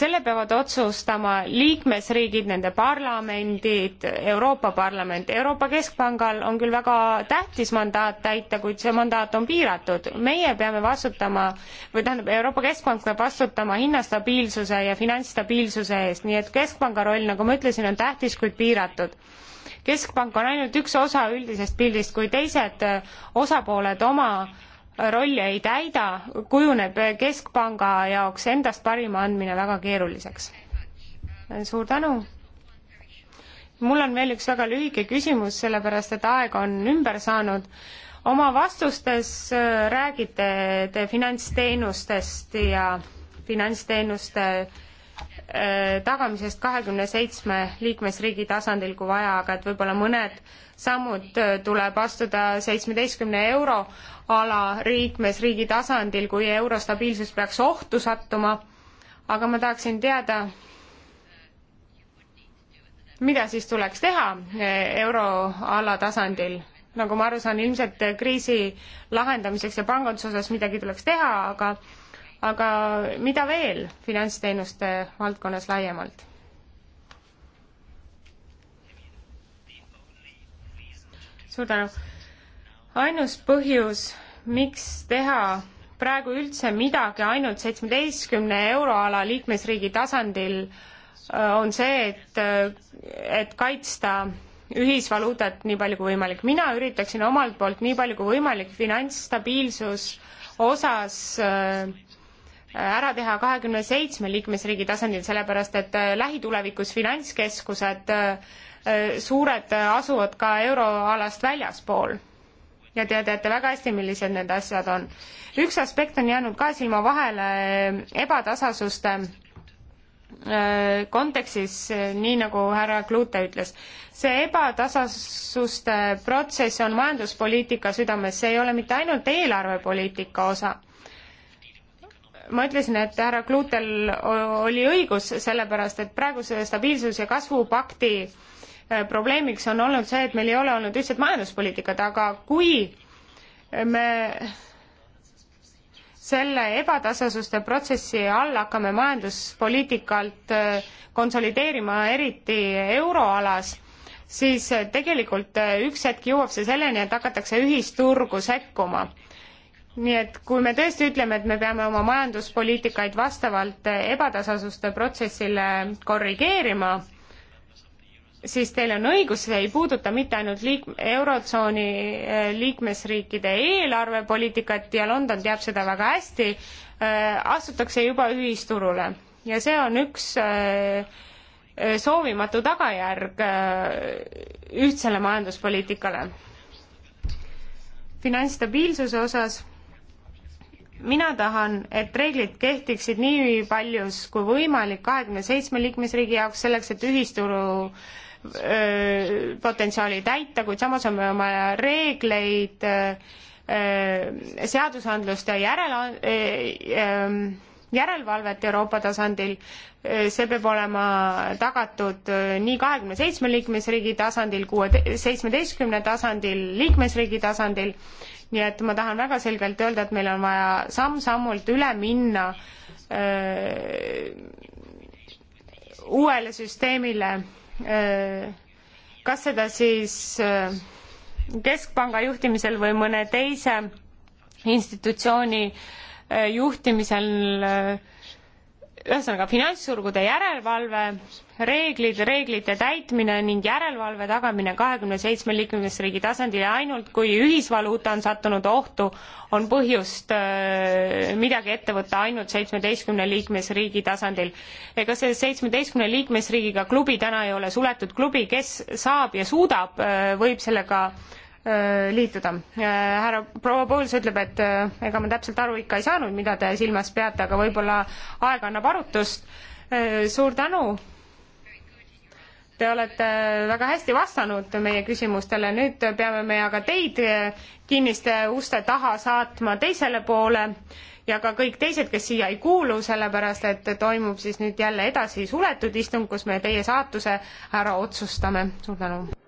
selle peavad otsustama liikmesriigid, nende parlamendid, Euroopa Parlament. Euroopa Keskpangal on küll väga tähtis mandaat täita, kuid see mandaat on piiratud. meie peame vastutama või tähendab, Euroopa Keskpank peab vastutama hinnastabiilsuse ja finantsstabiilsuse eest, nii et Keskpanga roll, nagu ma ütlesin, on tähtis, kuid piiratud keskpank on ainult üks osa üldisest pildist kui teised osapooled oma rolli ei täida, kujuneb Keskpanga jaoks endast parima andmine väga keeruliseks. suur tänu! mul on veel üks väga lühike küsimus, sellepärast et aeg on ümber saanud. oma vastustes äh, räägite te finantsteenustest ja finantsteenuste äh, tagamisest kahekümne seitsme liikmesriigi tasandil, kui vaja, aga et võib-olla mõned sammud äh, tuleb astuda seitsmeteistkümne euro ala liikmesriigi tasandil, kui euro stabiilsus peaks ohtu sattuma. aga ma tahaksin teada, mida siis tuleks teha äh, euroala tasandil? nagu ma aru saan, ilmselt kriisi lahendamiseks ja panganduse osas midagi tuleks teha, aga aga mida veel finantsteenuste valdkonnas laiemalt? suur tänu. ainus põhjus, miks teha praegu üldse midagi ainult seitsmeteistkümne euroala liikmesriigi tasandil, äh, on see, et, äh, et kaitsta ühisvaluutat nii palju kui võimalik. mina üritaksin omalt poolt nii palju kui võimalik finantsstabiilsus osas äh, ära teha kahekümne seitsme liikmesriigi tasandil, sellepärast et lähitulevikus finantskeskused Äh, suured äh, asuvad ka euroalast väljaspool. ja te teate väga hästi, millised need asjad on. üks aspekt on jäänud ka silma vahele äh, ebatasasuste kontekstis, nii nagu härra Klute ütles, see ebatasasuste protsess on majanduspoliitika südames, see ei ole mitte ainult eelarvepoliitika osa. ma ütlesin, et härra Klutel oli õigus, sellepärast et praeguse stabiilsus- ja kasvupakti Äh, probleemiks on olnud see, et meil ei ole olnud ühtset majanduspoliitikat, aga kui me selle ebatasasuste protsessi all hakkame majanduspoliitikalt äh, konsolideerima, eriti euroalas, siis äh, tegelikult üks hetk jõuab see selleni, et hakatakse ühisturgu sekkuma nii et kui me tõesti ütleme, et me peame oma majanduspoliitikaid vastavalt ebatasasuste protsessile korrigeerima, siis teil on õigus, see ei puuduta mitte ainult liik-, Eurotsooni äh, liikmesriikide eelarvepoliitikat ja London teab seda väga hästi, äh, astutakse juba ühisturule ja see on üks äh, soovimatu tagajärg ühtsele majanduspoliitikale. finantsstabiilsuse osas mina tahan, et reeglid kehtiksid nii paljus kui võimalik kahekümne seitsme liikmesriigi jaoks selleks, et ühisturu äh, potentsiaali täita, kuid samas on meil oma reegleid, seadusandlust ja järele, järelevalvet Euroopa tasandil, see peab olema tagatud nii kahekümne seitsme liikmesriigi tasandil, kuue, seitsmeteistkümne tasandil, liikmesriigi tasandil, nii et ma tahan väga selgelt öelda, et meil on vaja samm-sammult üle minna öö, uuele süsteemile Äh, kas seda siis äh, keskpanga juhtimisel või mõne teise institutsiooni äh, juhtimisel äh, ühesõnaga finantsturgude järelevalve reeglid, reeglite täitmine ning järelevalve tagamine kahekümne seitsme liikmesriigi tasandil ja ainult kui ühisvaluuta on sattunud ohtu, on põhjust äh, midagi ette võtta ainult seitsmeteistkümne liikmesriigi tasandil. ega see seitsmeteistkümne liikmesriigiga klubi täna ei ole suletud klubi, kes saab ja suudab, äh, võib sellega Äh, liituda. Äh, härra proua Pools ütleb, et äh, ega ma täpselt aru ikka ei saanud, mida te silmas peate, aga võib-olla aeg annab arutust. suur tänu. Te olete väga hästi vastanud meie küsimustele, nüüd peame me aga teid kinniste uste taha saatma teisele poole ja ka kõik teised, kes siia ei kuulu, sellepärast et toimub siis nüüd jälle edasi suletud istung, kus me teie saatuse ära otsustame. suur tänu.